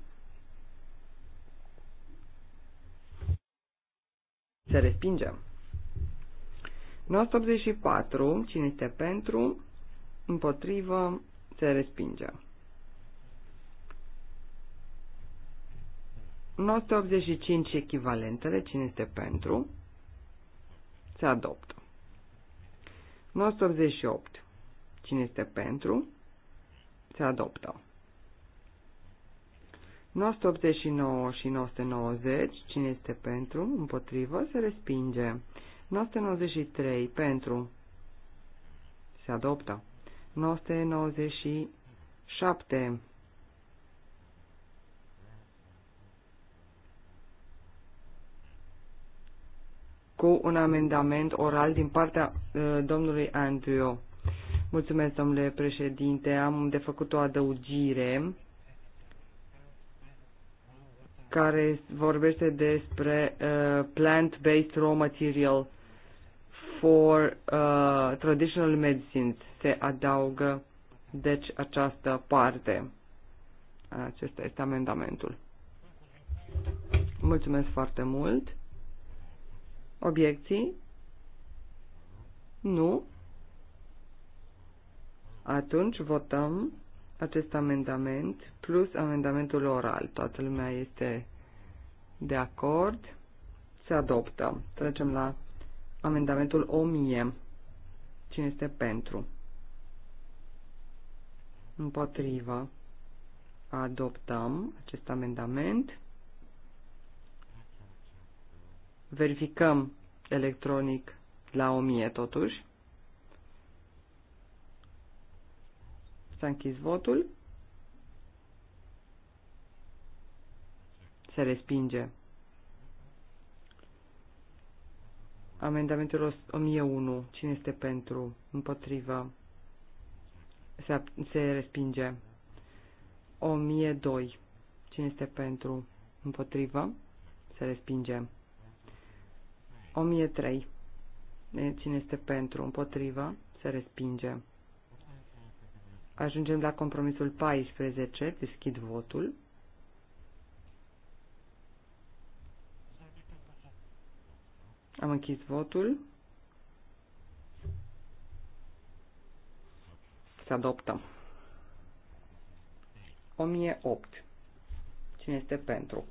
Se respinge. 984. Cine este pentru? Împotrivă. Se respinge. 985 echivalentele, cine este pentru, se adoptă. 988, cine este pentru, se adoptă. 989 și 990, cine este pentru, împotrivă, se respinge. 993, pentru, se adoptă. 997, cu un amendament oral din partea uh, domnului Andrew. Mulțumesc, domnule președinte, am de făcut o adăugire care vorbește despre uh, plant-based raw material for uh, traditional medicines. Se adaugă deci această parte. Acesta este amendamentul. Mulțumesc foarte mult. Obiecții? Nu. Atunci votăm acest amendament plus amendamentul oral. Toată lumea este de acord. Se adoptă. Trecem la amendamentul 1000. Cine este pentru? Împotrivă. Adoptăm acest amendament. Verificăm electronic la 1000 totuși. S-a închis votul. Se respinge. Amendamentul 1001. Cine este pentru? Împotrivă. Se, se respinge. 1002. Cine este pentru? Împotrivă. Se respinge. 1003. Cine este pentru? Împotrivă. Se respinge. Ajungem la compromisul 14, deschid votul. Am închis votul. Se adoptă. 1008. Cine este pentru?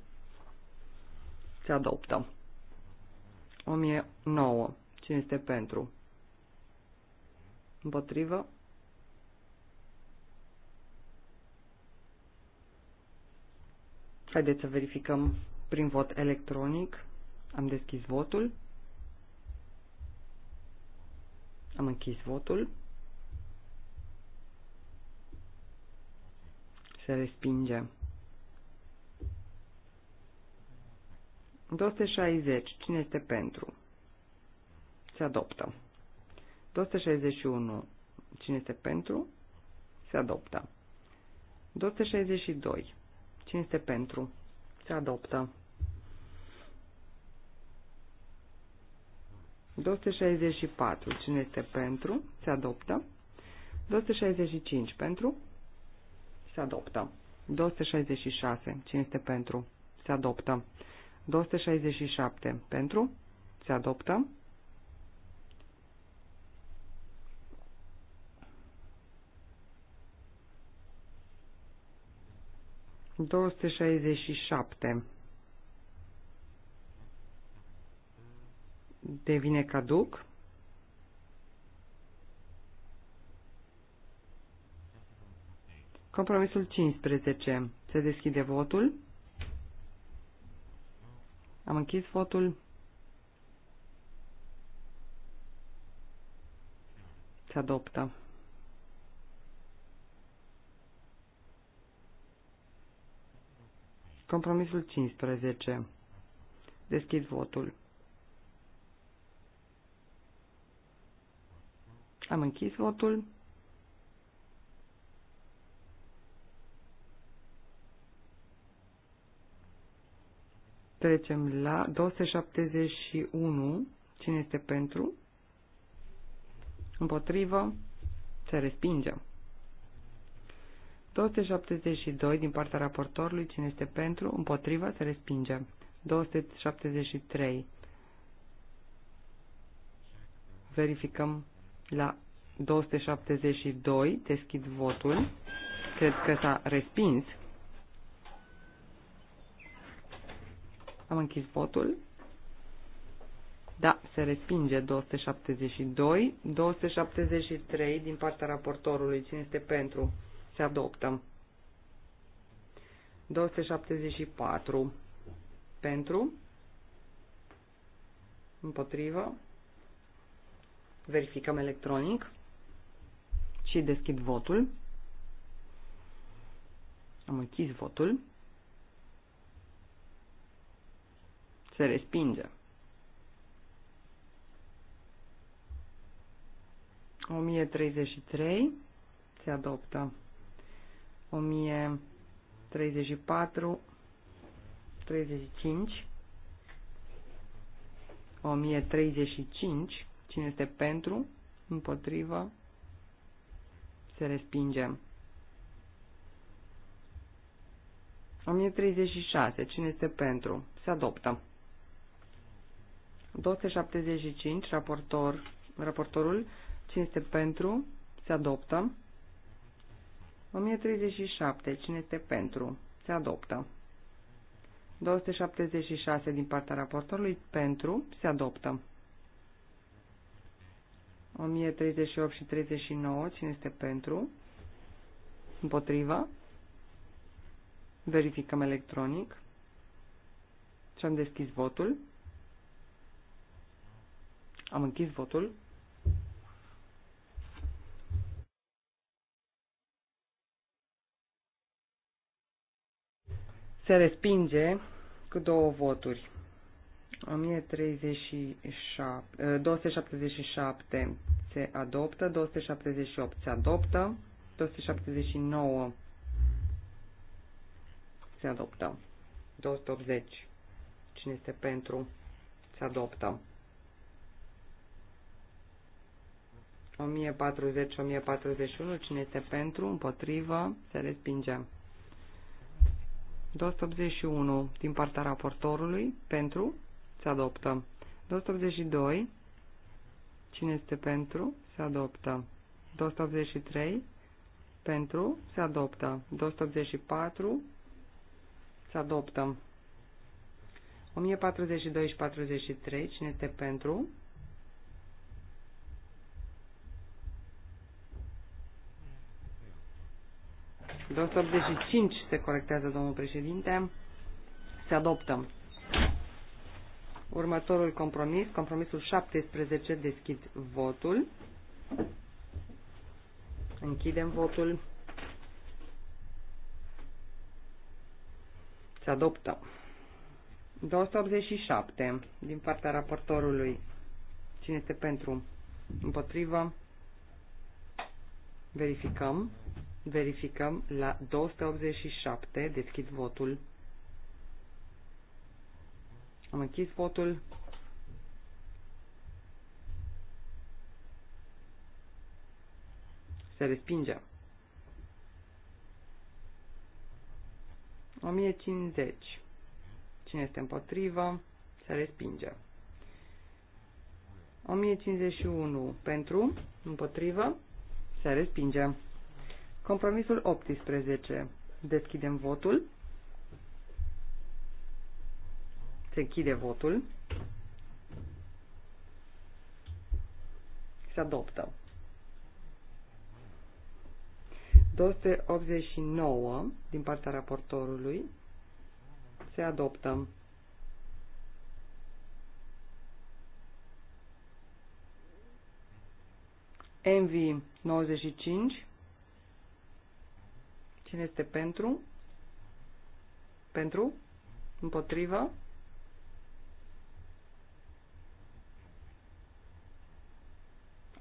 Se adoptă. 1009. Cine este pentru? Împotrivă? Haideți să verificăm prin vot electronic. Am deschis votul. Am închis votul. Se respinge. 260. Cine este pentru? Se adoptă. 261. Cine este pentru? Se adoptă. 262. Cine este pentru? Se adoptă. 264. Cine este pentru? Se adoptă. 265. Pentru? Se adoptă. 266. Cine este pentru? Se adoptă. 267. Pentru? Se adoptă. 267 devine caduc. Compromisul 15. Se deschide votul. Am închis votul. Se adoptă. Compromisul 15. Deschid votul. Am închis votul. Trecem la 271. Cine este pentru? Împotrivă? Se respinge. 272 din partea raportorului, cine este pentru, împotriva, se respinge. 273. Verificăm la 272, deschid votul. Cred că s-a respins. Am închis votul. Da, se respinge 272. 273 din partea raportorului. Cine este pentru? Se adoptă. 274 pentru, împotrivă, verificăm electronic și deschid votul. Am închis votul. Se respinge. 1033 se adoptă. 1034, 35, 1035, cine este pentru, împotrivă, se respinge. 1036, cine este pentru, se adoptă. 275, raportor, raportorul, cine este pentru, se adoptă. 1037. Cine este pentru? Se adoptă. 276 din partea raportorului pentru se adoptă. 1038 și 39, cine este pentru? Împotriva? Verificăm electronic. Și am deschis votul. Am închis votul. se respinge cu două voturi. 1037, 277 eh, se adoptă, 278 se adoptă, 279 se adoptă, 280 cine este pentru se adoptă. 1040-1041, cine este pentru, împotrivă, se respinge. 281 din partea raportorului pentru se adoptă. 282 cine este pentru se adoptă. 283 pentru se adoptă. 284 se adoptă. 1042 și 43 cine este pentru 285 se corectează, domnul președinte. Se adoptă. Următorul compromis, compromisul 17, deschid votul. Închidem votul. Se adoptă. 287 din partea raportorului. Cine este pentru? Împotrivă? Verificăm. Verificăm la 287. Deschid votul. Am închis votul. Se respinge. 1050. Cine este împotrivă, se respinge. 1051 pentru, împotrivă, se respinge. Compromisul 18. Deschidem votul. Se închide votul. Se adoptă. 289 din partea raportorului se adoptă. MV 95 Cine este pentru? Pentru? Împotrivă?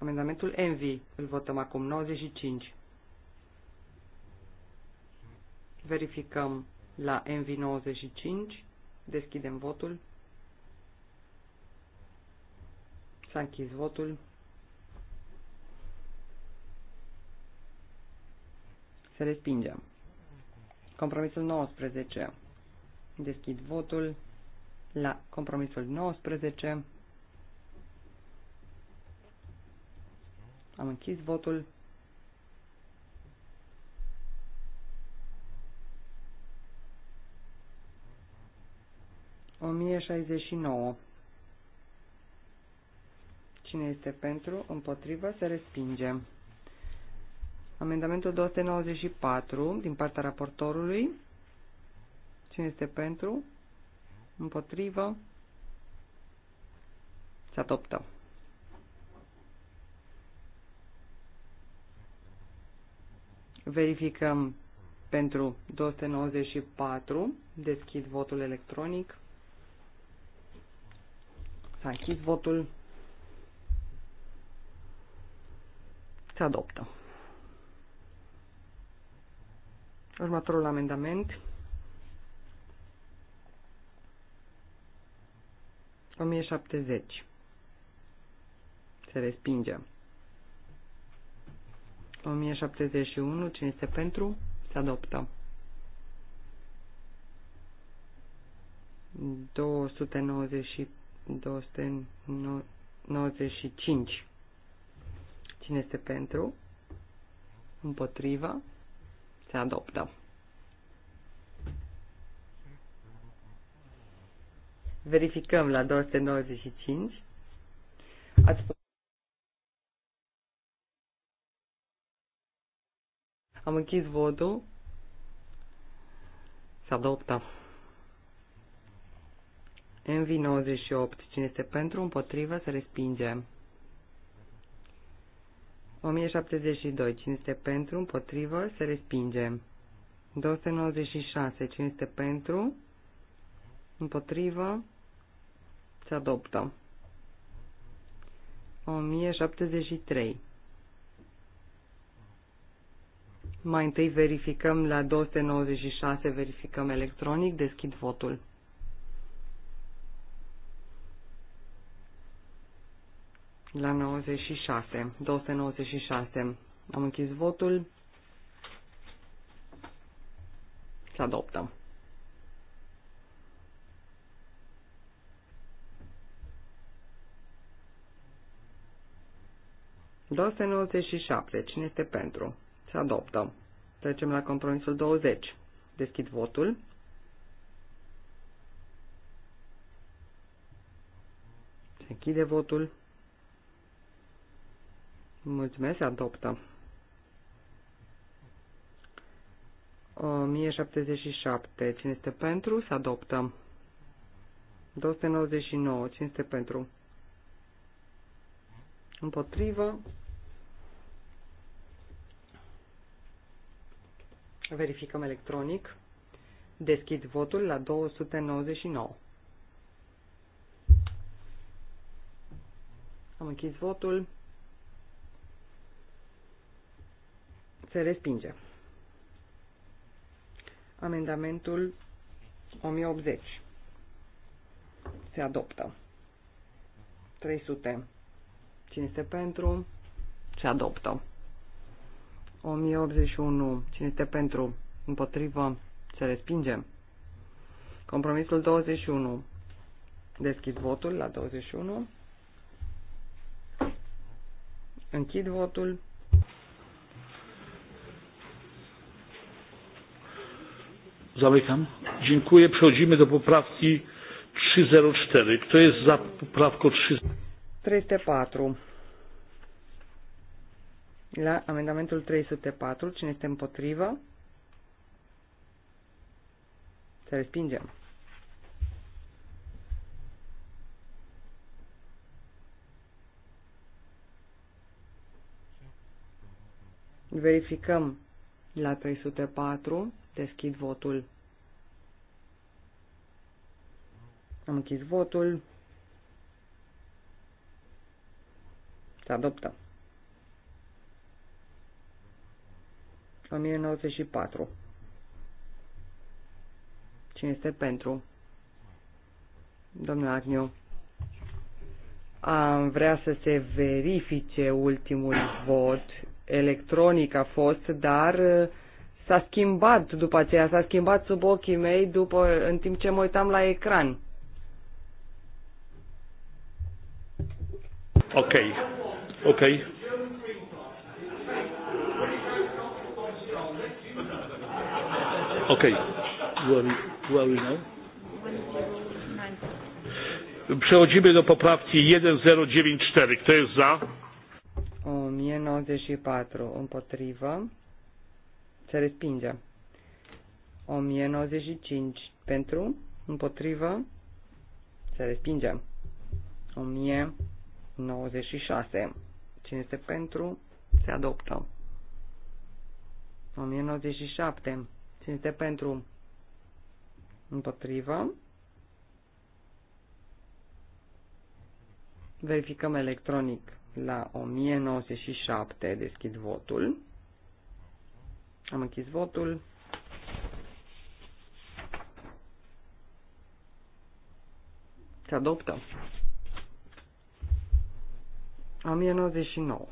Amendamentul Envy. Îl votăm acum. 95. Verificăm la Envy 95. Deschidem votul. S-a închis votul. respinge. Compromisul 19. Deschid votul la compromisul 19. Am închis votul. O mie Cine este pentru, împotrivă, se respinge. Amendamentul 294 din partea raportorului. Cine este pentru? Împotrivă? Se adoptă. Verificăm pentru 294. Deschid votul electronic. S-a închis votul. Se adoptă. Următorul amendament. 1070. Se respinge. 1071. Cine este pentru? Se adoptă. 290, 295. Cine este pentru? Împotriva? Se adoptă. Verificăm la 295. Ați Am închis votul. Se adoptă. MV98. Cine este pentru, împotrivă, se respinge. 1072. Cine este pentru, împotrivă, se respinge. 296. Cine este pentru, împotrivă, se adoptă. 1073. Mai întâi verificăm la 296, verificăm electronic, deschid votul. la 96, 296. Am închis votul. Se adoptă. șapte. Cine este pentru? Se adoptă. Trecem la compromisul 20. Deschid votul. Se închide votul. Mulțumesc, adoptă. 1077. Cine este pentru, Să adoptă. 299. Cine este pentru? Împotrivă. Verificăm electronic. Deschid votul la 299. Am închis votul. Se respinge. Amendamentul 1080. Se adoptă. 300. Cine este pentru? Se adoptă. 1081. Cine este pentru? Împotrivă? Se respinge. Compromisul 21. Deschid votul la 21. Închid votul. Zamykam. Dziękuję. Przechodzimy do poprawki 304. Kto jest za poprawką 304? La amendamentul 304, cine este împotrivă? Să respingem. Verificăm la 304. Deschid votul. Am închis votul. Se adoptă. 1094. Cine este pentru? Domnule Agniu. Am vrea să se verifice ultimul vot. Electronic a fost, dar s-a schimbat după aceea, s-a schimbat sub ochii mei după, în timp ce mă uitam la ecran. Ok, ok. Ok, Przechodzimy do poprawki 1094. Kto jest za? 1094 împotrivă. Se respinge. 1095 pentru, împotrivă, se respinge. 1096. Cine este pentru, se adoptă. 1097. Cine este pentru, împotrivă. Verificăm electronic la 1097. Deschid votul. Am închis votul. Se adoptă. 1099.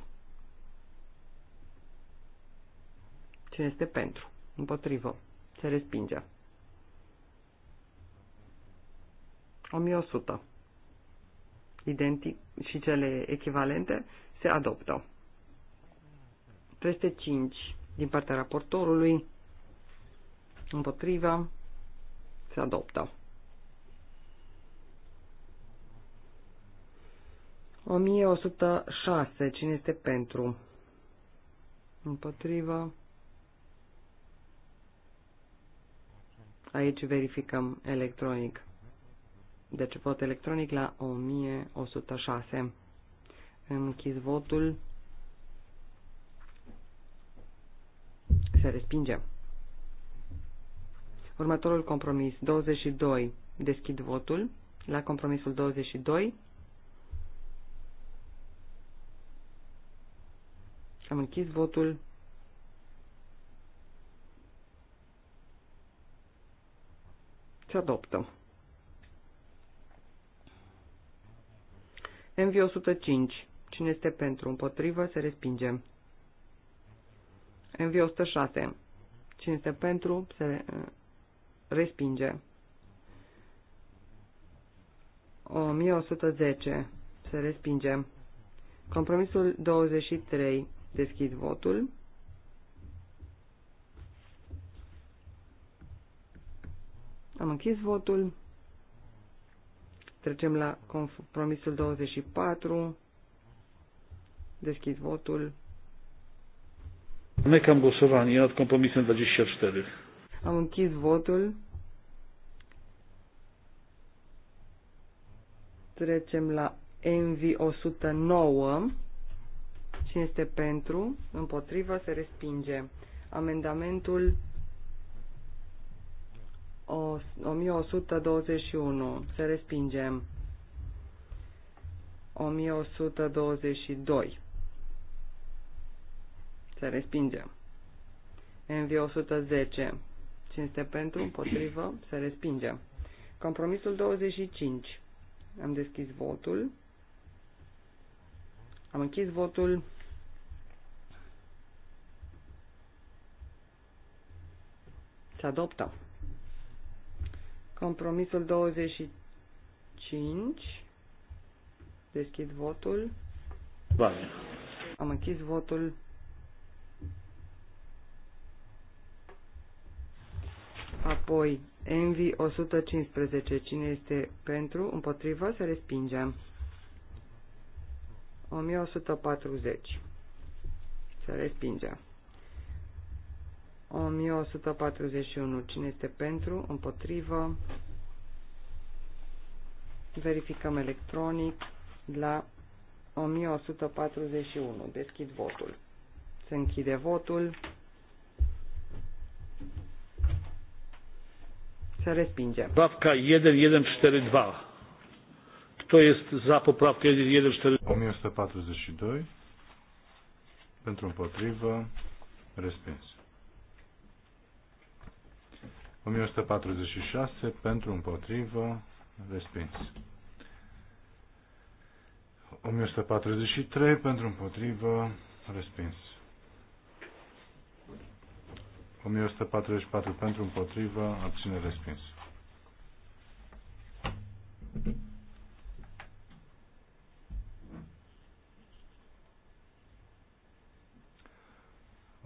Cine este pentru? Împotrivă. Se respinge. 1100. Identic și cele echivalente se adoptă. 305 din partea raportorului. Împotriva. Se adoptă. 1106. Cine este pentru? Împotriva. Aici verificăm electronic. Deci vot electronic la 1106. Închis votul. se respinge. Următorul compromis, 22. Deschid votul la compromisul 22. Am închis votul. Se adoptă. MV105. Cine este pentru, împotrivă, se respinge. MV 106. Cine este pentru, se uh, respinge. 1110. Se respinge. Compromisul 23. Deschid votul. Am închis votul. Trecem la compromisul 24. Deschid votul. Mecam głosowanie nad kompromisem 24. Am închis votul. Trecem la MV 109. Cine este pentru? Împotriva se respinge. Amendamentul 1121. Se respinge. 1122. Se respinge. NV 110. Cine pentru, împotrivă, se respinge. Compromisul 25. Am deschis votul. Am închis votul. Se adoptă. Compromisul 25. Deschid votul. Bine. Am închis votul. Apoi, Envy 115. Cine este pentru? Împotrivă? Se respinge. 1140. Se respinge. 1141. Cine este pentru? Împotrivă? Verificăm electronic la 1141. Deschid votul. Se închide votul. Se respinge. Poprawka 1142. Kto jest za poprawkę 1142? 1142. Pentru împotrivă. Respins. 1146. Pentru împotrivă. Respins. 1143. Pentru împotrivă. Respins. 1144 pentru împotrivă, abține respins.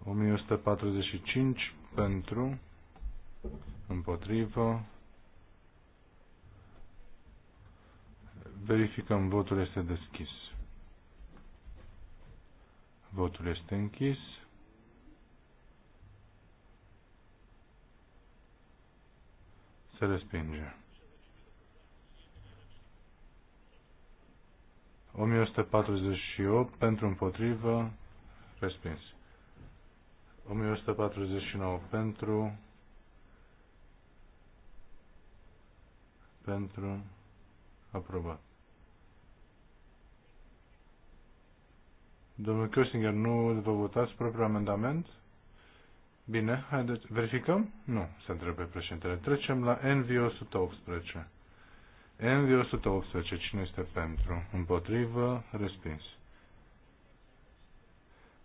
O pentru împotrivă. Verificăm, votul este deschis. Votul este închis. Se respinge. 1148 pentru împotrivă, respins. 1149 pentru, pentru, aprobat. Domnul Köstinger, nu vă votați propriul amendament? Bine, haideți, verificăm? Nu, se întrebe președintele. Trecem la NV118. NV118, cine este pentru? Împotrivă, respins.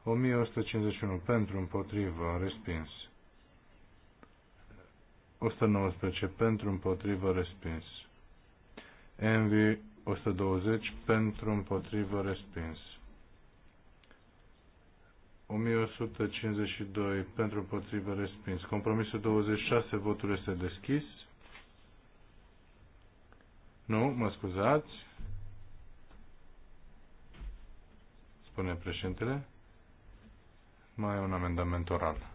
1151 pentru, împotrivă, respins. 119 pentru, împotrivă, respins. NV 120 pentru, împotrivă, respins. 1152 pentru împotrivă respins. Compromisul 26, votul este deschis. Nu, mă scuzați. Spune președintele. Mai e un amendament oral.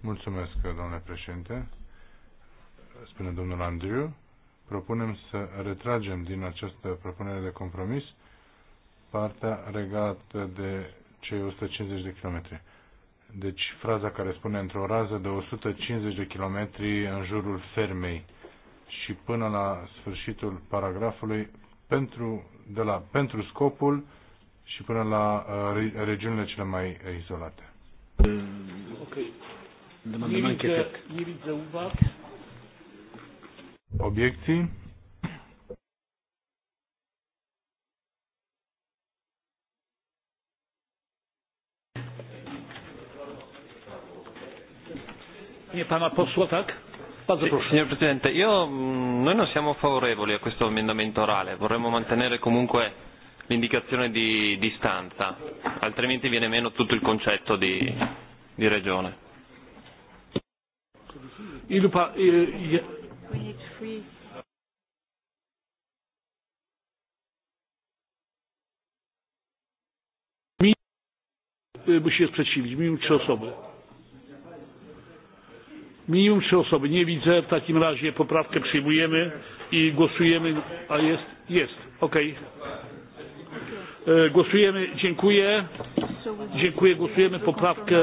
Mulțumesc, domnule președinte. Spune domnul Andriu. Propunem să retragem din această propunere de compromis partea regată de cei 150 de kilometri. Deci fraza care spune într-o rază de 150 de kilometri în jurul fermei și până la sfârșitul paragrafului pentru, de la, pentru scopul și până la uh, regiunile cele mai izolate. Mm, ok. Obiecții? Nie pana posła, tak? Signor Presidente, io, mm, noi non siamo favorevoli a questo emendamento orale, vorremmo mantenere comunque l'indicazione di distanza, altrimenti viene meno tutto il concetto di, di regione. Il pa, eh, Il... musi sprzeciwić, minimum trzy osoby. Minimum trzy osoby. Nie widzę. W takim razie poprawkę przyjmujemy i głosujemy. A jest? Jest. OK. Głosujemy. Dziękuję. Dziękuję. Głosujemy poprawkę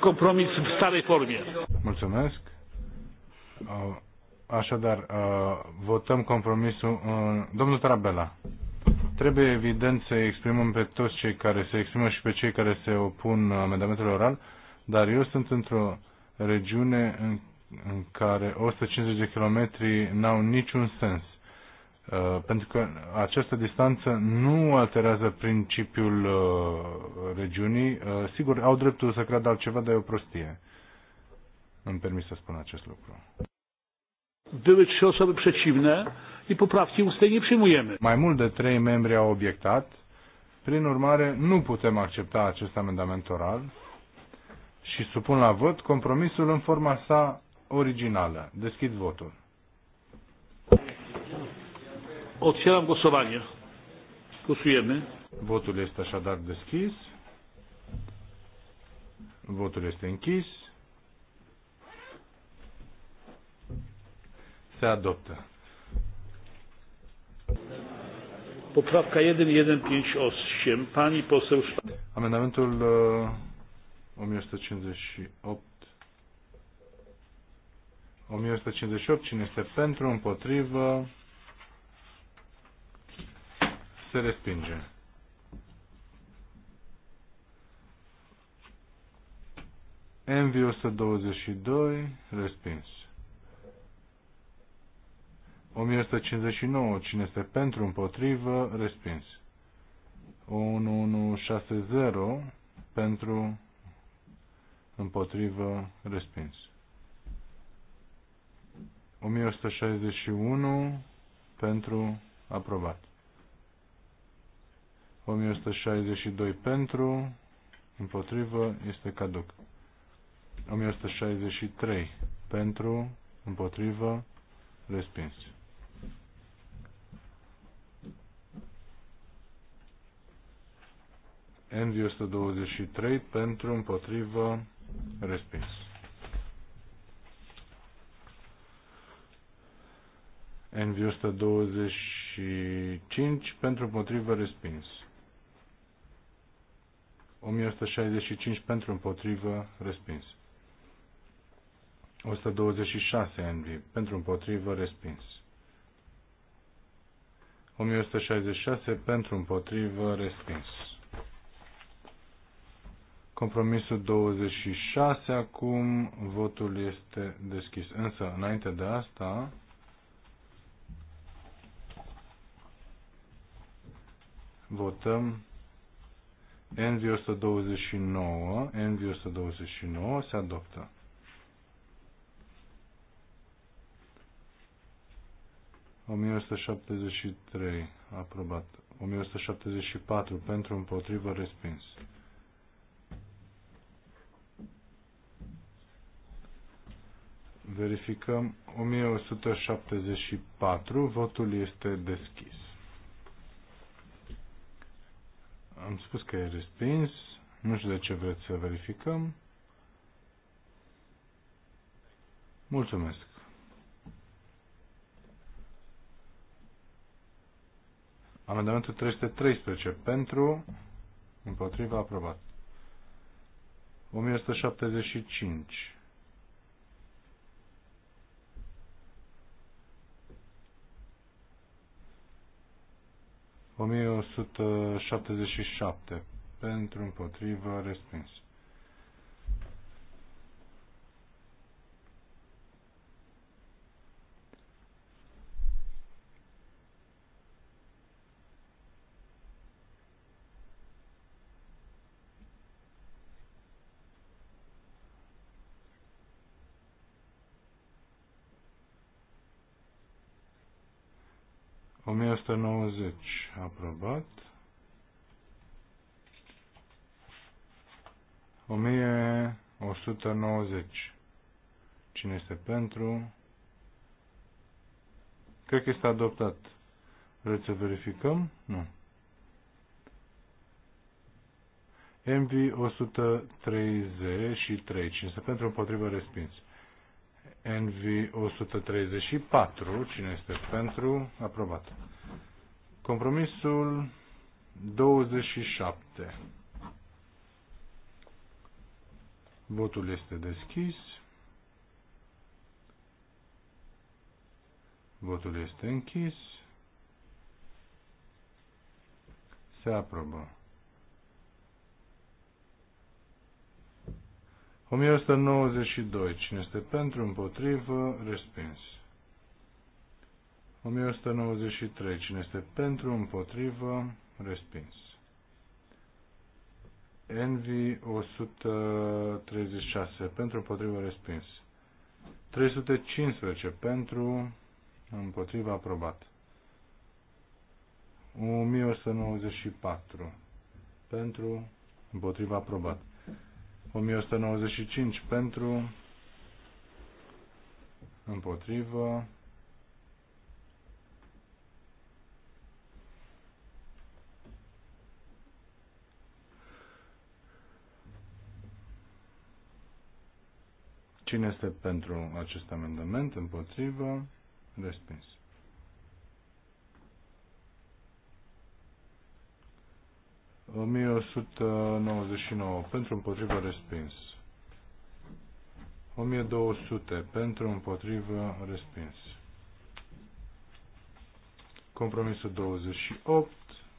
kompromis w starej formie. Mulțumesc. Așadar, votăm compromisul. Domnul Tarabela, trebuie evident să exprimăm pe toți cei care se exprimă și pe cei care se opun amendamentului oral, dar eu sunt într-o regiune în, în care 150 de kilometri n-au niciun sens. Uh, pentru că această distanță nu alterează principiul uh, regiunii. Uh, sigur, au dreptul să creadă altceva, dar e o prostie. Îmi permis să spun acest lucru. Były trzy osoby przeciwne i poprawki ustnej nie przyjmujemy. Mai mult de trei membri au obiectat, prin urmare nu putem accepta acest amendament oral și supun la vot compromisul în forma sa originală. Deschid votul. Otvieram głosowanie. Głosujemy. Votul este așadar deschis. Votul este închis. Se adoptă. Poprawka 1158. Pani poseł Amendamentul 1158. 1158. Cine este pentru, împotrivă, se respinge. mv 122, respins. 1159, cine este pentru, împotrivă, respins. 1160, pentru, împotrivă, respins. 1161 pentru aprobat. 1162 pentru, împotrivă, este caduc. 1163 pentru, împotrivă, respins. NV 123 pentru, împotrivă, Respins. NV 125 pentru împotrivă respins. 1165 pentru împotrivă respins. 126 NV pentru împotrivă respins. 1166 pentru împotrivă respins. Compromisul 26, acum votul este deschis. Însă, înainte de asta, votăm NV 129, NV 129 se adoptă. O aprobat. 1174 pentru împotrivă respins. Verificăm 1174. Votul este deschis. Am spus că e respins. Nu știu de ce vreți să verificăm. Mulțumesc. Amendamentul 313 pentru, împotriva, aprobat. 1175 1177 pentru împotrivă respins. 1190 aprobat. 1190. Cine este pentru? Cred că este adoptat. Vreți să verificăm? Nu. MV 133. Cine este pentru? Împotrivă respins. NV 134. Cine este pentru? Aprobat. Compromisul 27. Votul este deschis. Votul este închis. Se aprobă. 1192. Cine este pentru, împotrivă, respins. 1193. Cine este pentru, împotrivă, respins. Envy 136. Pentru, împotrivă, respins. 315. Pentru, împotrivă, aprobat. 1194. Pentru, împotrivă, aprobat. 1195. Pentru, împotrivă, Cine este pentru acest amendament? Împotrivă? Respins. O 1199 pentru împotrivă respins. 1200 pentru împotrivă respins. Compromisul 28,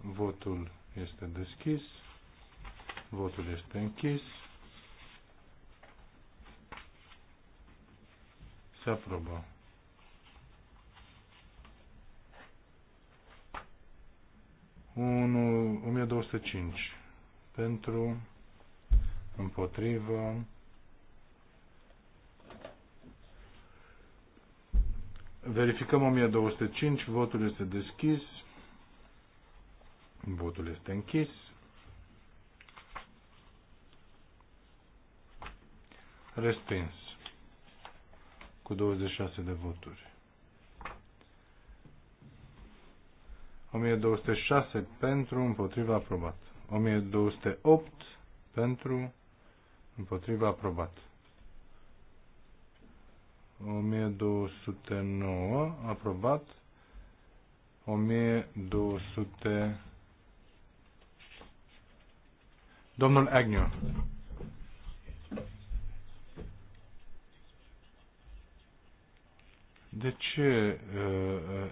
votul este deschis, votul este închis. Se aprobă. Unu, 1205 pentru împotrivă verificăm 1205 votul este deschis votul este închis respins cu 26 de voturi. 1206 pentru, împotriva aprobat. 1208 pentru, împotriva aprobat. 1209 aprobat. 1200 Domnul Agnew. De ce uh,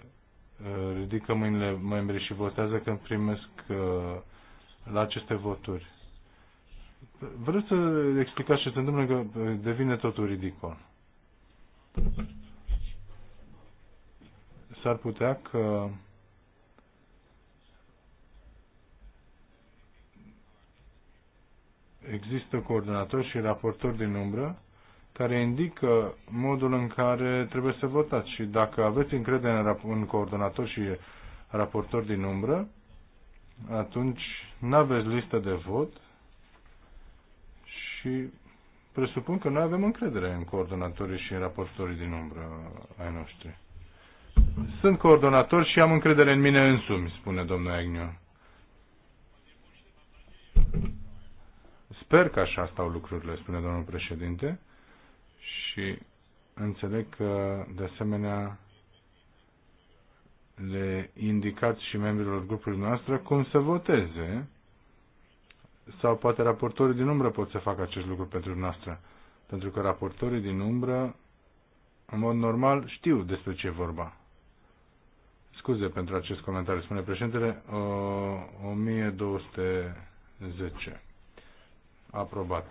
uh, ridică mâinile membrii și votează când primesc uh, la aceste voturi? Vreau să explicați ce se întâmplă că devine totul ridicol? S-ar putea că există coordonatori și raportori din umbră care indică modul în care trebuie să votați și dacă aveți încredere în coordonator și raportor din umbră, atunci nu aveți listă de vot și presupun că noi avem încredere în coordonatorii și în raportorii din umbră ai noștri. Sunt coordonator și am încredere în mine însumi, spune domnul Agnew. Sper că așa stau lucrurile, spune domnul președinte și înțeleg că, de asemenea, le indicați și membrilor grupului noastră cum să voteze sau poate raportorii din umbră pot să facă acest lucru pentru noastră. Pentru că raportorii din umbră, în mod normal, știu despre ce e vorba. Scuze pentru acest comentariu, spune președintele, 1210. Aprobat.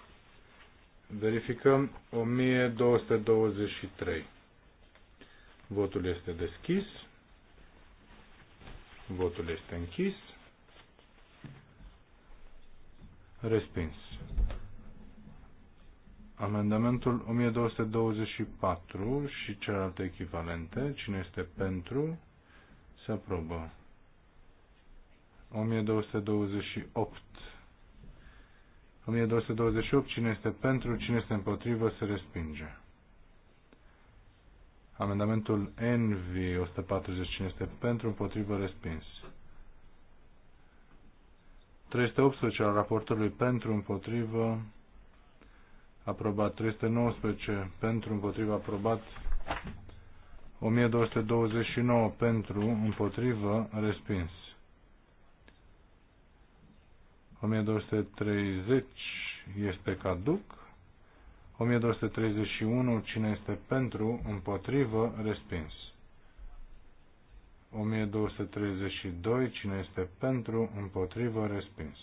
Verificăm 1223. Votul este deschis. Votul este închis. Respins. Amendamentul 1224 și celelalte echivalente. Cine este pentru? Se aprobă. 1228 1228. Cine este pentru, cine este împotrivă, se respinge. Amendamentul NV 140. Cine este pentru, împotrivă, respins. 318 al raportului pentru, împotrivă, aprobat. 319 pentru, împotrivă, aprobat. 1229 pentru, împotrivă, respins. 1230 este caduc. 1231, cine este pentru, împotrivă, respins. 1232, cine este pentru, împotrivă, respins.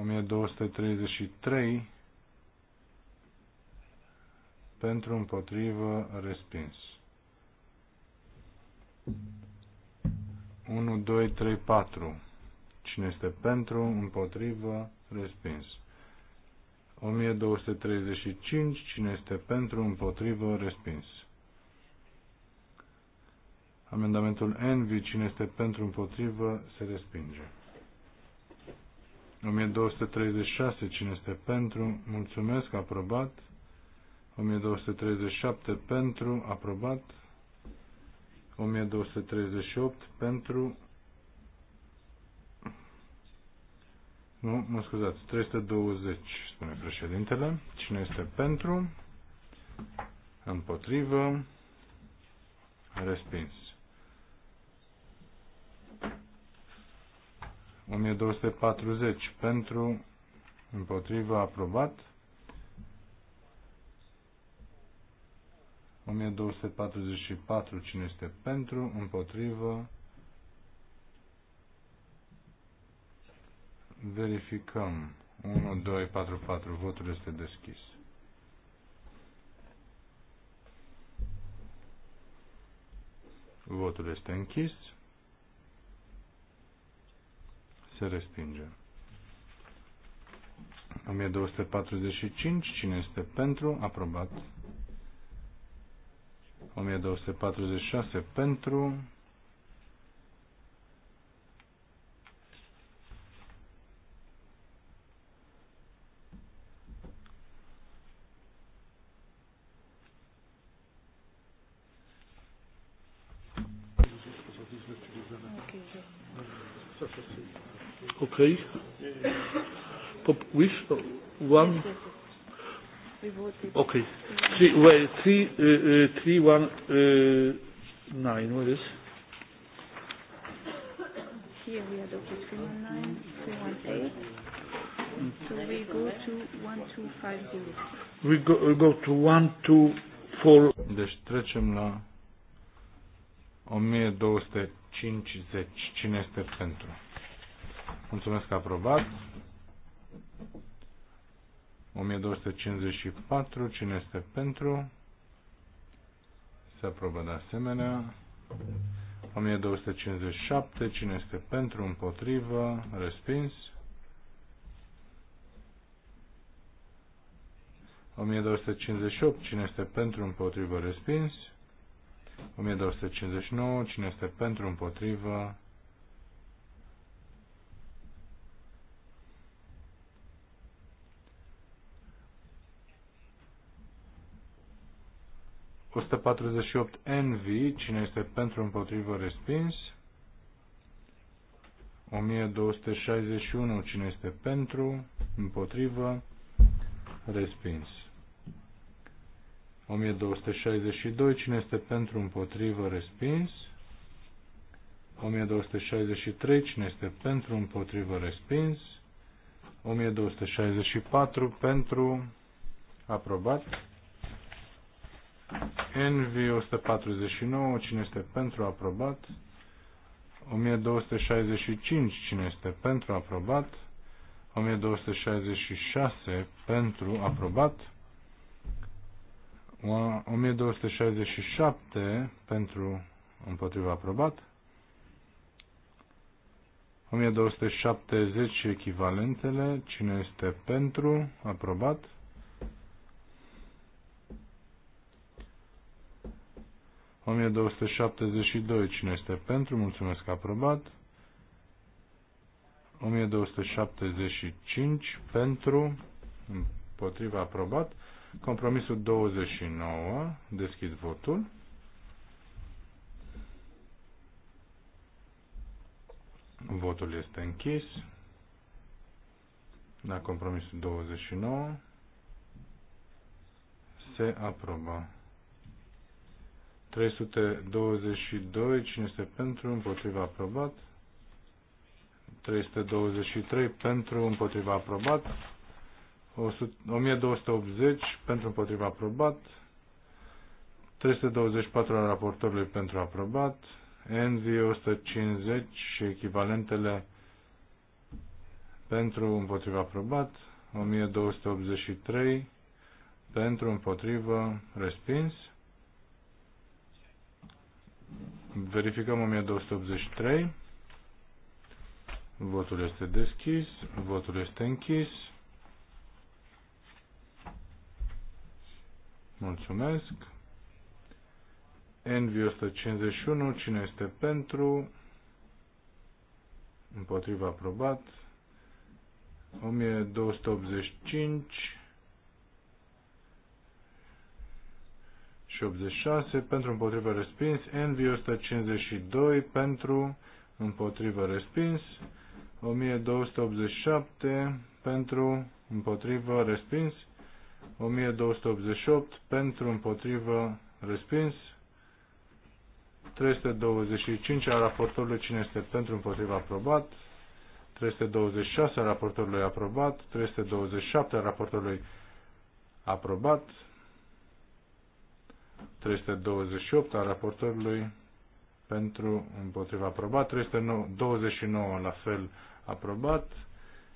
1233, pentru, împotrivă, respins. 1, 2, 3, 4. Cine este pentru, împotrivă, respins. 1235. Cine este pentru, împotrivă, respins. Amendamentul Envy. Cine este pentru, împotrivă, se respinge. 1236. Cine este pentru, mulțumesc, aprobat. 1237 pentru, aprobat. 1238 pentru, Nu, mă scuzați, 320, spune președintele. Cine este pentru? Împotrivă? Respins. 1240 pentru, împotrivă, aprobat. 1244, cine este pentru, împotrivă, Verificăm. 1, 2, 4, 4. Votul este deschis. Votul este închis. Se respinge. 1245. Cine este pentru? Aprobat. 1246 pentru Okay. Pop which one? Okay. Three, well, three, uh, uh, three, one, uh, nine. What is? Here we adopted three one nine, three one eight. So we go to one two five zero. We go, we go to one two four. Deci trecem la 1250. Cine este pentru? Mulțumesc, aprobat. 1254, cine este pentru? Se aprobă de asemenea. 1257, cine este pentru, împotrivă, respins. 1258, cine este pentru, împotrivă, respins. 1259, cine este pentru, împotrivă, 148 NV, cine este pentru împotrivă respins. 1261, cine este pentru împotrivă respins. 1262, cine este pentru împotrivă respins. 1263, cine este pentru împotrivă respins. 1264, pentru aprobat. NV 149, cine este pentru aprobat? 1265, cine este pentru aprobat? 1266 pentru aprobat. 1267 pentru împotriva aprobat. 1270 echivalentele, cine este pentru aprobat? 1272. Cine este pentru? Mulțumesc, aprobat. 1275 pentru, împotriva aprobat. Compromisul 29, deschid votul. Votul este închis. La compromisul 29 se aprobă. 322, cine este pentru, împotriva aprobat. 323 pentru, împotriva aprobat. 1280 pentru, împotriva aprobat. 324 al raportorului pentru aprobat. Envy 150 și echivalentele pentru, împotriva aprobat. 1283 pentru, împotrivă, respins. Verificăm 1283. Votul este deschis. Votul este închis. Mulțumesc. Envy 151. Cine este pentru? Împotriva aprobat. 1285 și 86 pentru împotrivă respins, NV 152 pentru împotrivă respins, 1287 pentru împotrivă respins, 1288 pentru împotrivă respins, 325 a raportorului cine este pentru împotrivă aprobat, 326 a raportorului aprobat, 327 a raportorului aprobat, 328 a raportorului pentru împotriva aprobat, 329 la fel aprobat,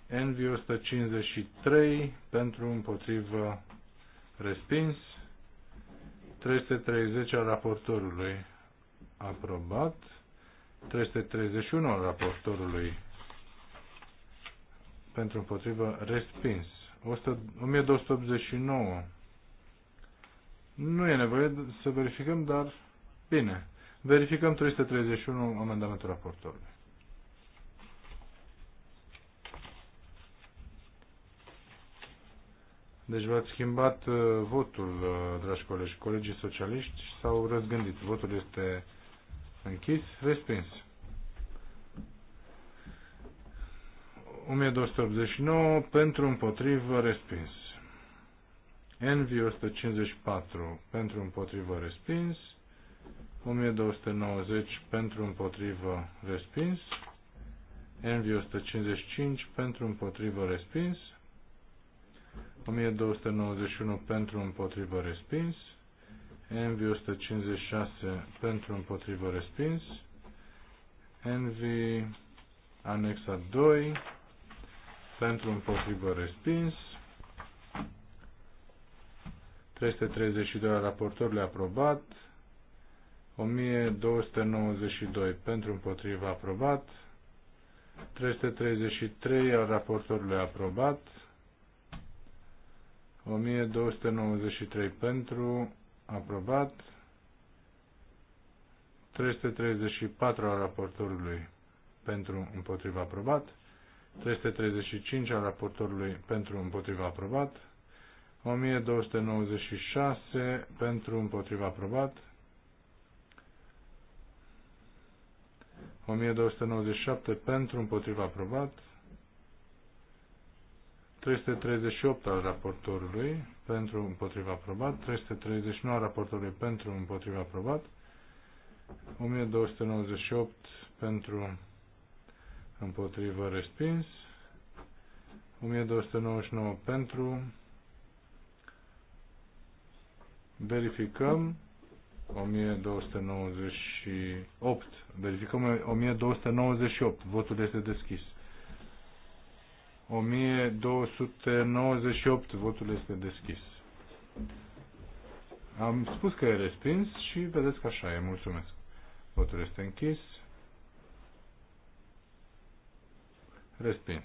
NV 153 pentru împotrivă respins, 330 al raportorului aprobat, 331 al raportorului pentru împotrivă respins, 1289 nu e nevoie să verificăm, dar bine. Verificăm 331 amendamentul raportorului. Deci v-ați schimbat uh, votul, uh, dragi colegi. Colegii socialiști s-au răzgândit. Votul este închis, respins. 1289 pentru împotrivă, respins. Envy 154 pentru împotrivă respins, 1290 pentru împotrivă respins, Envy 155 pentru împotrivă respins, 1291 pentru împotrivă respins, Envy 156 pentru împotrivă respins, Envy anexa 2 pentru împotrivă respins, 332 al raportorului aprobat, 1292 pentru împotriva aprobat, 333 al raportorului aprobat, 1293 pentru aprobat, 334 al raportorului pentru împotriva aprobat, 335 al raportorului pentru împotriva aprobat, 1296 pentru împotriva aprobat. 1297 pentru împotriva aprobat. 338 al raportorului pentru împotriva aprobat. 339 al raportorului pentru împotriva aprobat. 1298 pentru împotriva respins. 1299 pentru Verificăm 1298. Verificăm 1298. Votul este deschis. 1298. Votul este deschis. Am spus că e respins și vedeți că așa e. Mulțumesc. Votul este închis. Respins.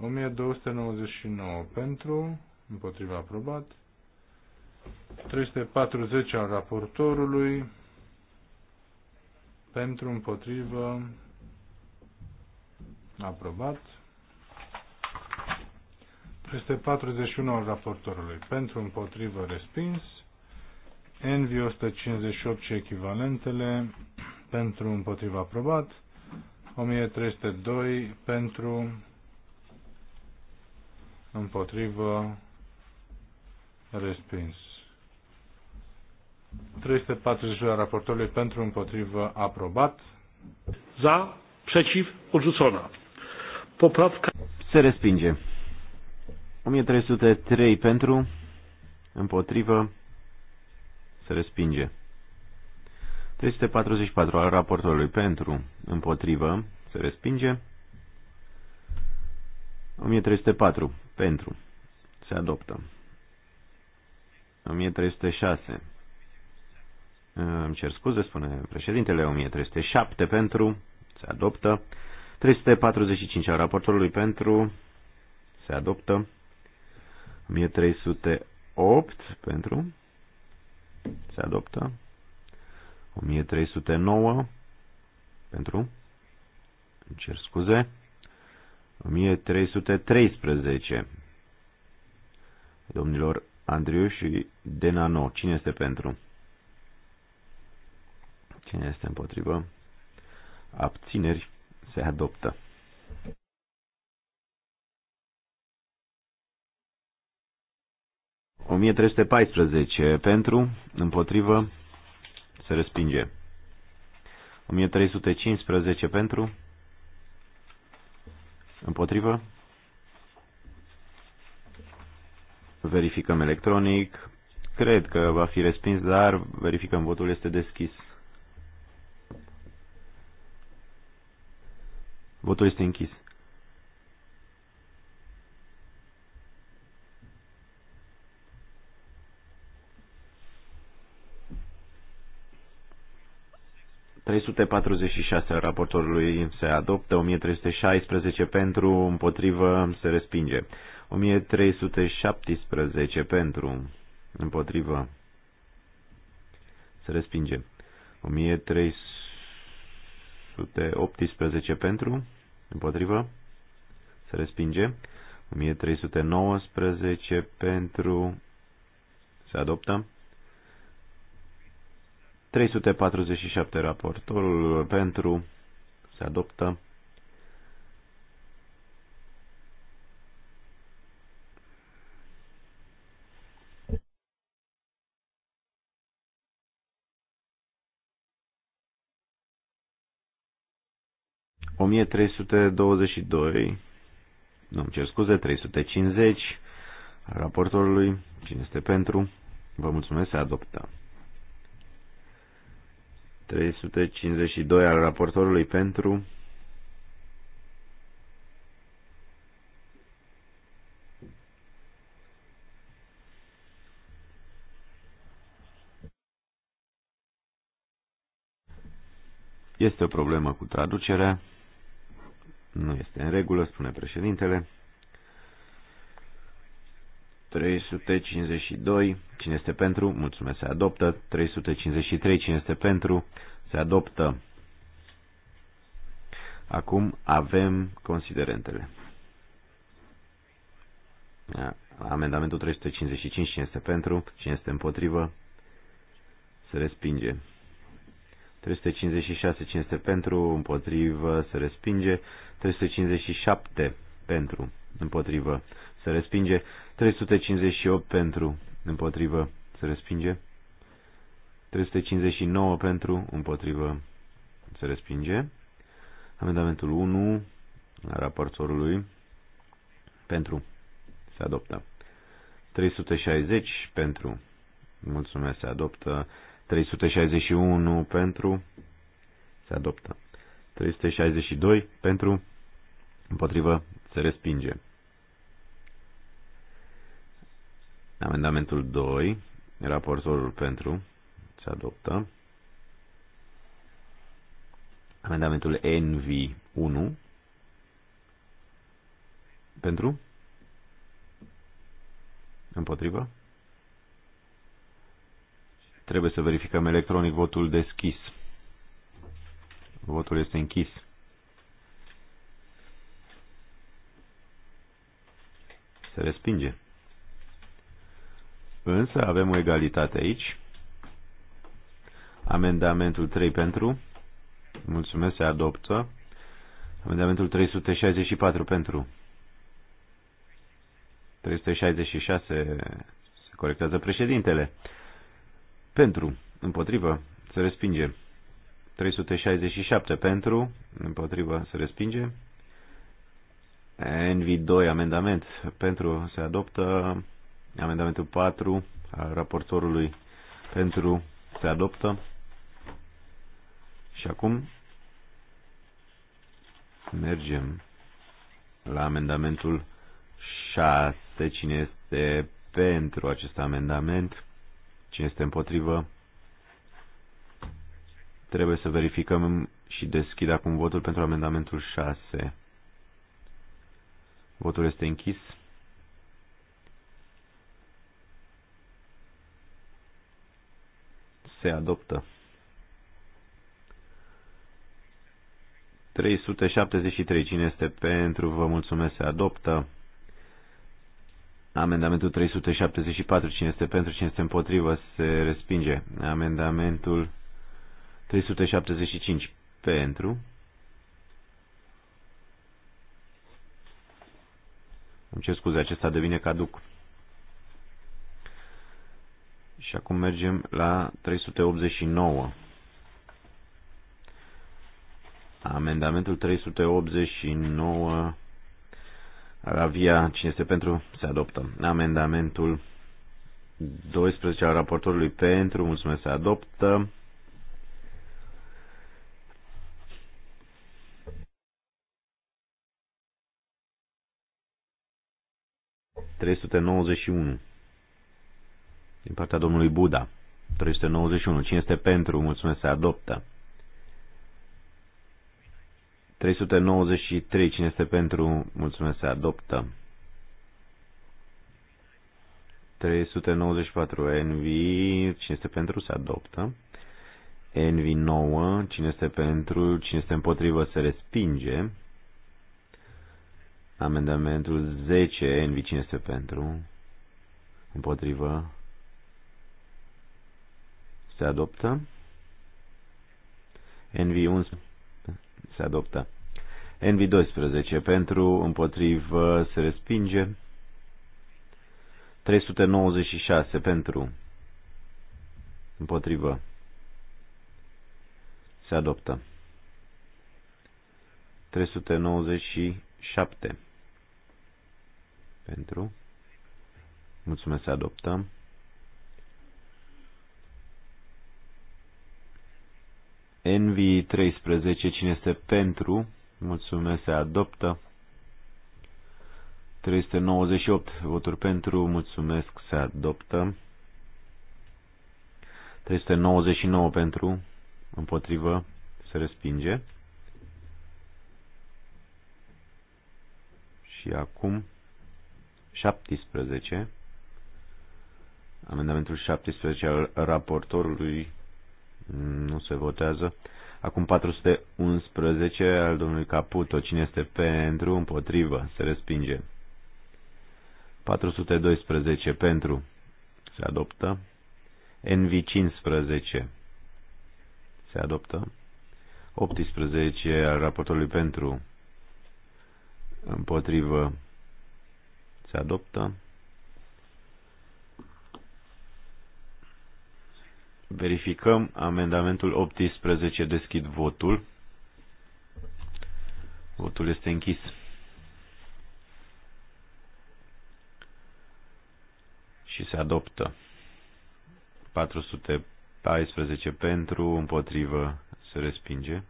1299 pentru, împotriva aprobat. 340 al raportorului pentru împotrivă aprobat. 341 al raportorului pentru împotrivă respins. NV 158 și echivalentele pentru împotriva aprobat. 1302 pentru împotrivă, respins. 340 a raportorului pentru împotrivă aprobat. Za, przeciw, odrzucona. Poprawka. Se respinge. 1303 pentru, împotrivă, se respinge. 344 al raportorului pentru, împotrivă, se respinge. 1304 pentru. Se adoptă. 1306. Îmi cer scuze, spune președintele, 1307 pentru, se adoptă. 345 al raportorului pentru, se adoptă. 1308 pentru, se adoptă. 1309 pentru, îmi cer scuze, 1313. Domnilor Andriu și Denano, cine este pentru? Cine este împotrivă? Abțineri se adoptă. O 1314 pentru, împotrivă, se respinge. 1315 pentru, Împotrivă? Verificăm electronic. Cred că va fi respins, dar verificăm. Votul este deschis. Votul este închis. 346 al raportorului se adoptă, 1316 pentru, împotrivă, se respinge. 1317 pentru, împotrivă, se respinge. 1318 pentru, împotrivă, se respinge. 1319 pentru, se adoptă. 347 raportorul pentru se adoptă. O mie trei sute douăzeci și doi, nu îmi cer scuze, trei sute cincizeci raportorului, cine este pentru, vă mulțumesc, se adoptă. 352 al raportorului pentru Este o problemă cu traducerea. Nu este în regulă, spune președintele. 352, cine este pentru, mulțumesc, se adoptă. 353, cine este pentru, se adoptă. Acum avem considerentele. Amendamentul 355, cine este pentru, cine este împotrivă, se respinge. 356, cine este pentru, împotrivă, se respinge. 357, pentru, împotrivă, se respinge. 358 pentru, împotrivă, se respinge. 359 pentru, împotrivă, se respinge. Amendamentul 1 a raportorului pentru se adoptă. 360 pentru, mulțumesc, se adoptă. 361 pentru, se adoptă. 362 pentru, împotrivă, se respinge. Amendamentul 2, raportorul pentru, se adoptă. Amendamentul NV1, pentru, împotrivă. Trebuie să verificăm electronic votul deschis. Votul este închis. Se respinge. Însă avem o egalitate aici. Amendamentul 3 pentru. Mulțumesc, se adoptă. Amendamentul 364 pentru. 366 se corectează președintele. Pentru, împotrivă, se respinge. 367 pentru, împotrivă, se respinge. NV2 amendament pentru se adoptă Amendamentul 4 al raportorului pentru se adoptă. Și acum mergem la amendamentul 6. Cine este pentru acest amendament? Cine este împotrivă? Trebuie să verificăm și deschid acum votul pentru amendamentul 6. Votul este închis. se adoptă. 373. Cine este pentru? Vă mulțumesc. Se adoptă. Amendamentul 374. Cine este pentru? Cine este împotrivă? Se respinge. Amendamentul 375. Pentru. Îmi cer scuze, acesta devine caduc. Și acum mergem la 389. Amendamentul 389 Ravia, cine este pentru, se adoptă. Amendamentul 12 al raportorului pentru, mulțumesc, se adoptă. Trei sute nouăzeci și unu din partea domnului Buda. 391. Cine este pentru? Mulțumesc, se adoptă. 393. Cine este pentru? Mulțumesc, se adoptă. 394. NV. Cine este pentru? Se adoptă. NV 9. Cine este pentru? Cine este împotrivă? Se respinge. Amendamentul 10. NV. Cine este pentru? Împotrivă se adoptă. NV11 se adoptă. NV12 pentru, împotrivă, se respinge. 396 pentru, împotrivă, se adoptă. 397 pentru, mulțumesc, se adoptă. Envy 13, cine este pentru, mulțumesc, se adoptă. 398 voturi pentru, mulțumesc, se adoptă. 399 pentru, împotrivă, se respinge. Și acum 17. Amendamentul 17 al raportorului nu se votează. Acum 411 al domnului Caputo. Cine este pentru? Împotrivă. Se respinge. 412 pentru. Se adoptă. NV15 se adoptă. 18 al raportului pentru împotrivă se adoptă. Verificăm amendamentul 18. Deschid votul. Votul este închis. Și se adoptă. 414 pentru, împotrivă, se respinge.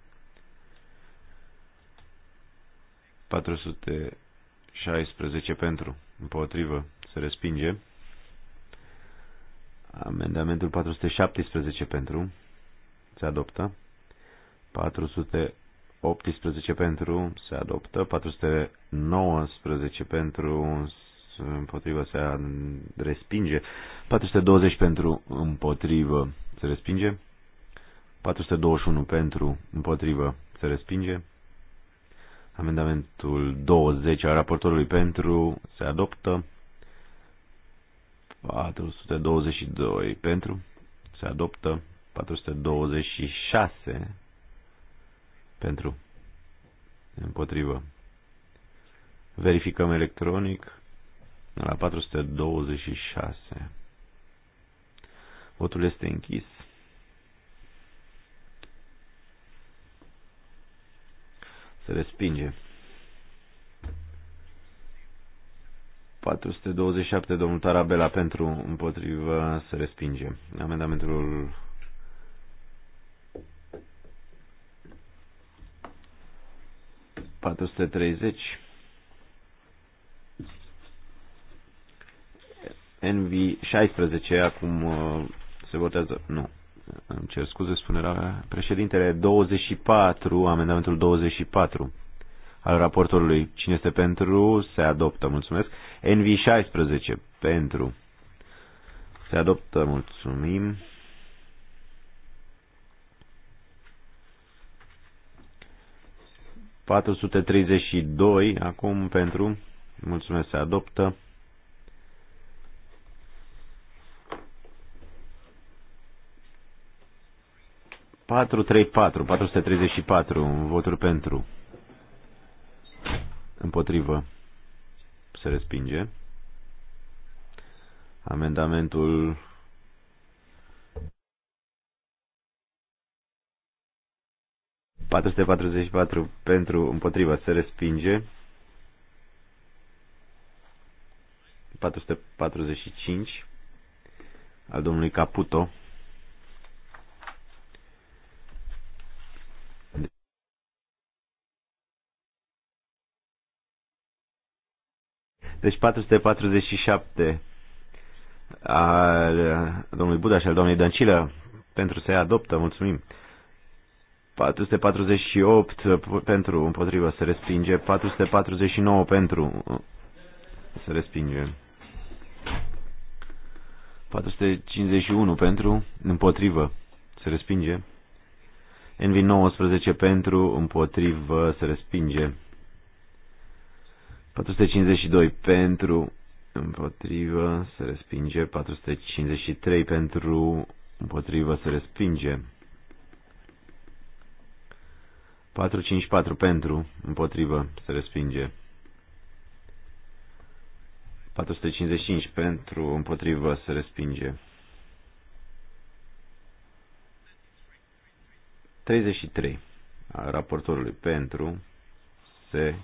416 pentru, împotrivă, se respinge. Amendamentul 417 pentru. Se adoptă. 418 pentru. Se adoptă. 419 pentru. Împotrivă se respinge. 420 pentru. Împotrivă se respinge. 421 pentru. Împotrivă se respinge. Amendamentul 20 al raportorului pentru se adoptă. 422 pentru, se adoptă 426 pentru, împotrivă. Verificăm electronic la 426. Votul este închis. Se respinge. 427, domnul Tarabela, pentru, împotrivă, să respinge. Amendamentul patruste treizeci. NV 16, acum uh, se votează, nu, îmi cer scuze, spunerea președintele, 24, amendamentul 24 al raportorului. Cine este pentru, se adoptă, mulțumesc. NV16, pentru. Se adoptă, mulțumim. ...432 acum pentru... ...mulțumesc, se adoptă... ...434, 434 voturi pentru... Împotrivă. Se respinge. Amendamentul patru pentru împotriva se respinge. 445 al domnului Caputo Deci 447 al uh, domnului Buda și al domnului Dăncilă pentru să-i adoptă, mulțumim. 448 pentru împotriva se respinge, 449 pentru se respinge. 451 pentru împotrivă se respinge. Envi 19 pentru împotrivă se respinge. 452 pentru, împotrivă, se respinge. 453 pentru, împotrivă, se respinge. 454 pentru, împotrivă, se respinge. 455 pentru, împotrivă, se respinge. 33 al raportorului pentru se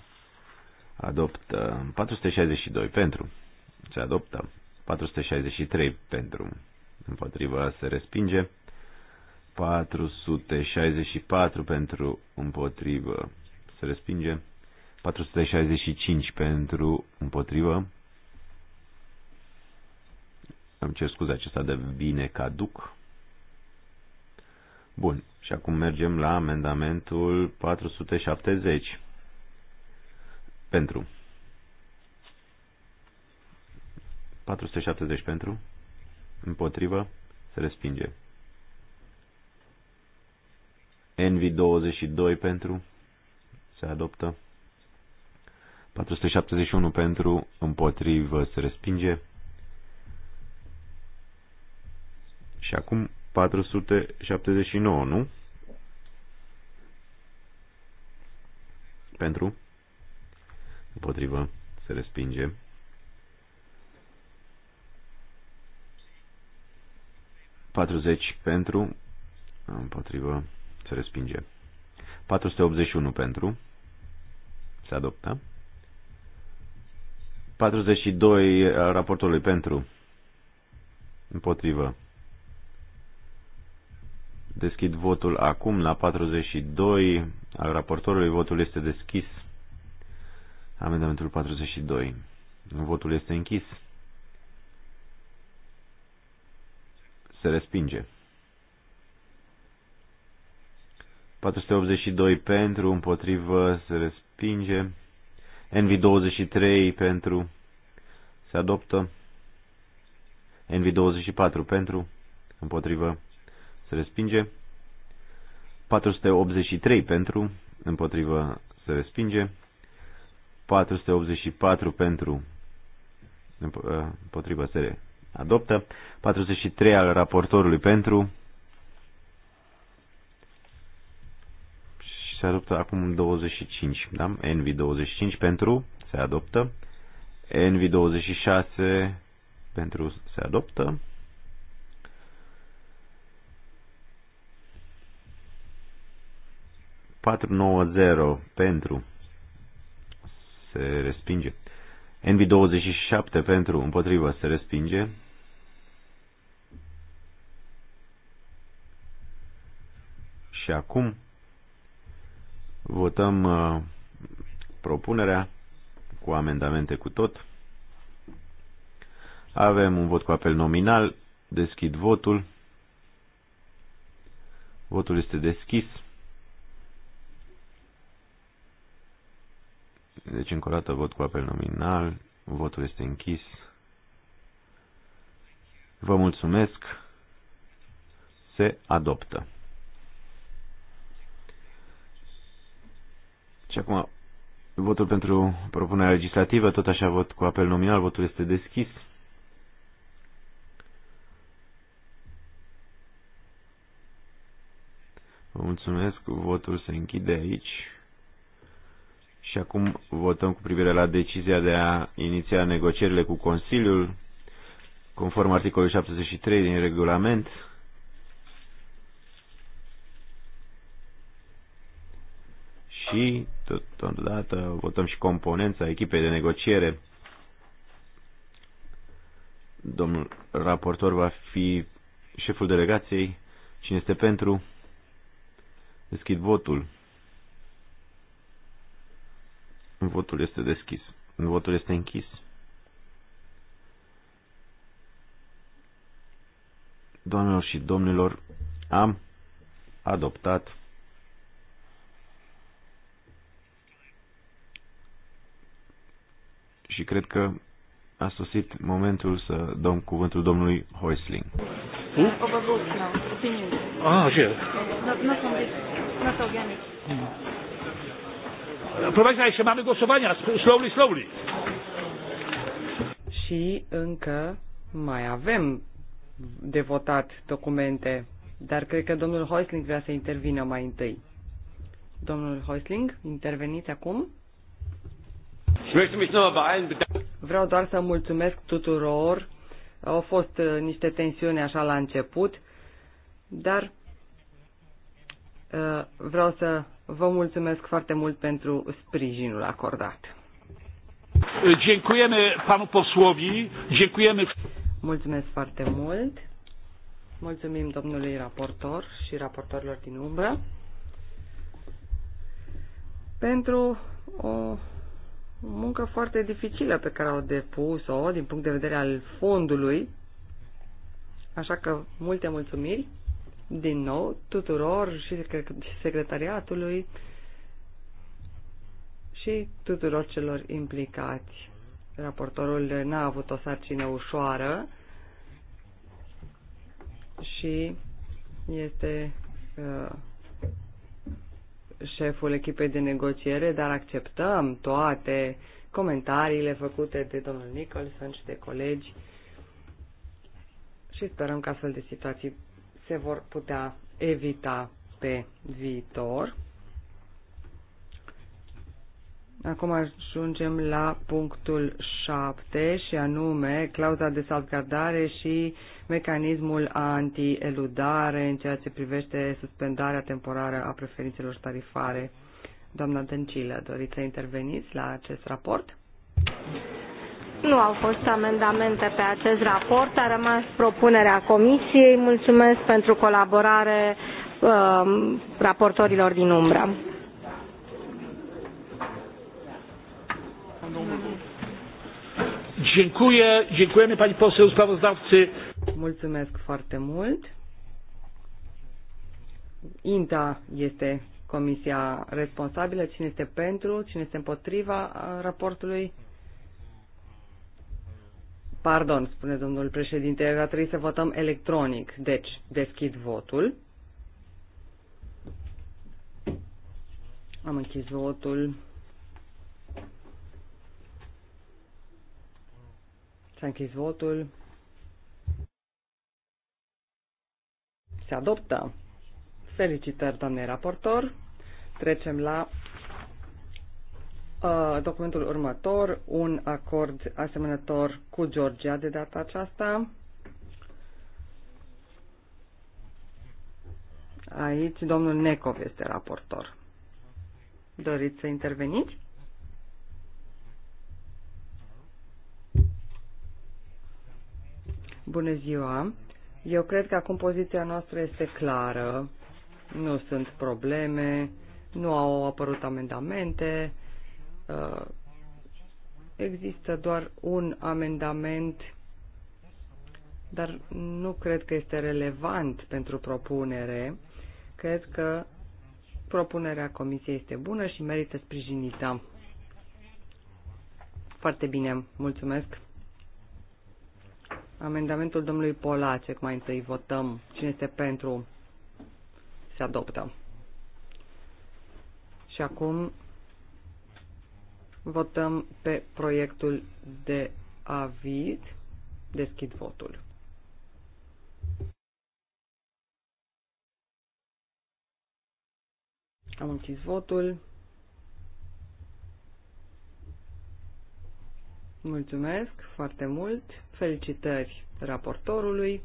adoptă 462 pentru, se adoptă 463 pentru, împotriva se respinge, 464 pentru împotrivă se respinge, 465 pentru împotrivă, îmi cer scuze, acesta de bine caduc. Bun, și acum mergem la amendamentul 470 pentru. 470 pentru. Împotrivă. Se respinge. Envy 22 pentru. Se adoptă. 471 pentru. Împotrivă. Se respinge. Și acum 479, nu? Pentru? împotrivă, se respinge. Patruzeci pentru, împotrivă, se respinge. 481 pentru, se adoptă. 42 al uh, raportului pentru, împotrivă. Deschid votul acum la 42 al raportorului, votul este deschis. Amendamentul 42. Votul este închis. Se respinge. 482 pentru, împotrivă, se respinge. NV23 pentru, se adoptă. NV24 pentru, împotrivă, se respinge. 483 pentru, împotrivă, se respinge. 484 pentru împotriva se adoptă, 43 al raportorului pentru și se adoptă acum 25, da? nv 25 pentru se adoptă, nv 26 pentru se adoptă, patru nouă zero pentru se respinge. NV27 pentru, împotrivă, se respinge. Și acum votăm uh, propunerea cu amendamente cu tot. Avem un vot cu apel nominal. Deschid votul. Votul este deschis. Deci, încă o dată, vot cu apel nominal. Votul este închis. Vă mulțumesc. Se adoptă. Și acum, votul pentru propunerea legislativă, tot așa vot cu apel nominal, votul este deschis. Vă mulțumesc, votul se închide aici. Și acum votăm cu privire la decizia de a iniția negocierile cu Consiliul, conform articolului 73 din regulament. Și, totodată, votăm și componența echipei de negociere. Domnul raportor va fi șeful delegației. Cine este pentru? Deschid votul. Votul este deschis. Votul este închis. Doamnelor și domnilor, am adoptat și cred că a sosit momentul să dăm cuvântul domnului Hoisling. Hmm? Ah, Not, not, not organic. Hmm. Proszę Państwa, jeszcze mamy głosowania. Slowly, slowly. Și încă mai avem de votat documente, dar cred că domnul Hoisling vrea să intervină mai întâi. Domnul Hoisling, interveniți acum. Vreau doar să mulțumesc tuturor. Au fost uh, niște tensiuni așa la început, dar uh, vreau să Vă mulțumesc foarte mult pentru sprijinul acordat. Dziękujemy panu posłowi. Dziękujemy. Mulțumesc foarte mult. Mulțumim domnului raportor și raportorilor din umbră pentru o muncă foarte dificilă pe care au depus-o din punct de vedere al fondului. Așa că multe mulțumiri din nou tuturor și secretariatului și tuturor celor implicați. Raportorul n-a avut o sarcină ușoară și este uh, șeful echipei de negociere, dar acceptăm toate comentariile făcute de domnul Nicholson și de colegi și sperăm că astfel de situații se vor putea evita pe viitor. Acum ajungem la punctul 7 și anume clauza de salvgardare și mecanismul anti-eludare în ceea ce privește suspendarea temporară a preferințelor tarifare. Doamna Dăncilă, doriți să interveniți la acest raport? Nu au fost amendamente pe acest raport, a rămas propunerea Comisiei. Mulțumesc pentru colaborare uh, raportorilor din umbră. Dziękuję, dziękujemy pani poseł sprawozdawcy. Mulțumesc foarte mult. INTA este comisia responsabilă. Cine este pentru, cine este împotriva raportului? Pardon, spune domnul președinte, va trebui să votăm electronic. Deci, deschid votul. Am închis votul. S-a închis votul. Se adoptă. Felicitări, doamne raportor. Trecem la Uh, documentul următor, un acord asemănător cu Georgia de data aceasta. Aici domnul Necov este raportor. Doriți să interveniți? Bună ziua! Eu cred că acum poziția noastră este clară. Nu sunt probleme, nu au apărut amendamente Uh, există doar un amendament, dar nu cred că este relevant pentru propunere. Cred că propunerea comisiei este bună și merită sprijinită. Foarte bine, mulțumesc. Amendamentul domnului Polacek, mai întâi votăm. Cine este pentru? Se adoptă. Și acum Votăm pe proiectul de aviz. Deschid votul. Am închis votul. Mulțumesc foarte mult. Felicitări raportorului.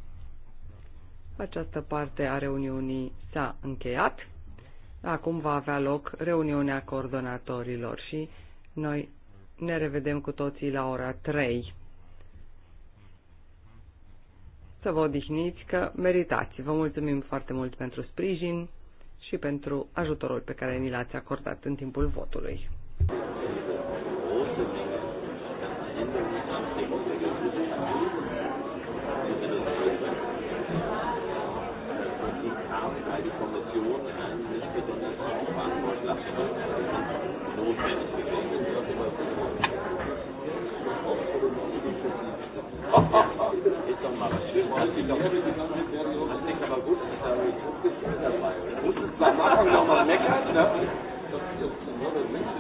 Această parte a reuniunii s-a încheiat. Acum va avea loc reuniunea coordonatorilor și noi ne revedem cu toții la ora 3. Să vă odihniți că meritați. Vă mulțumim foarte mult pentru sprijin și pentru ajutorul pe care ni l-ați acordat în timpul votului. Also ich glaube, die Nachricht wäre so, das klingt aber gut, ist da ein Gefühl dabei. Du musst es beim Anfang nochmal meckern, ne? Das ist ein neuer Mensch,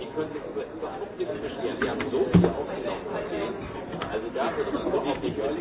Ich könnte überhaupt nicht verstehen. Wir haben so viele Aufgaben. Also da würde ich wirklich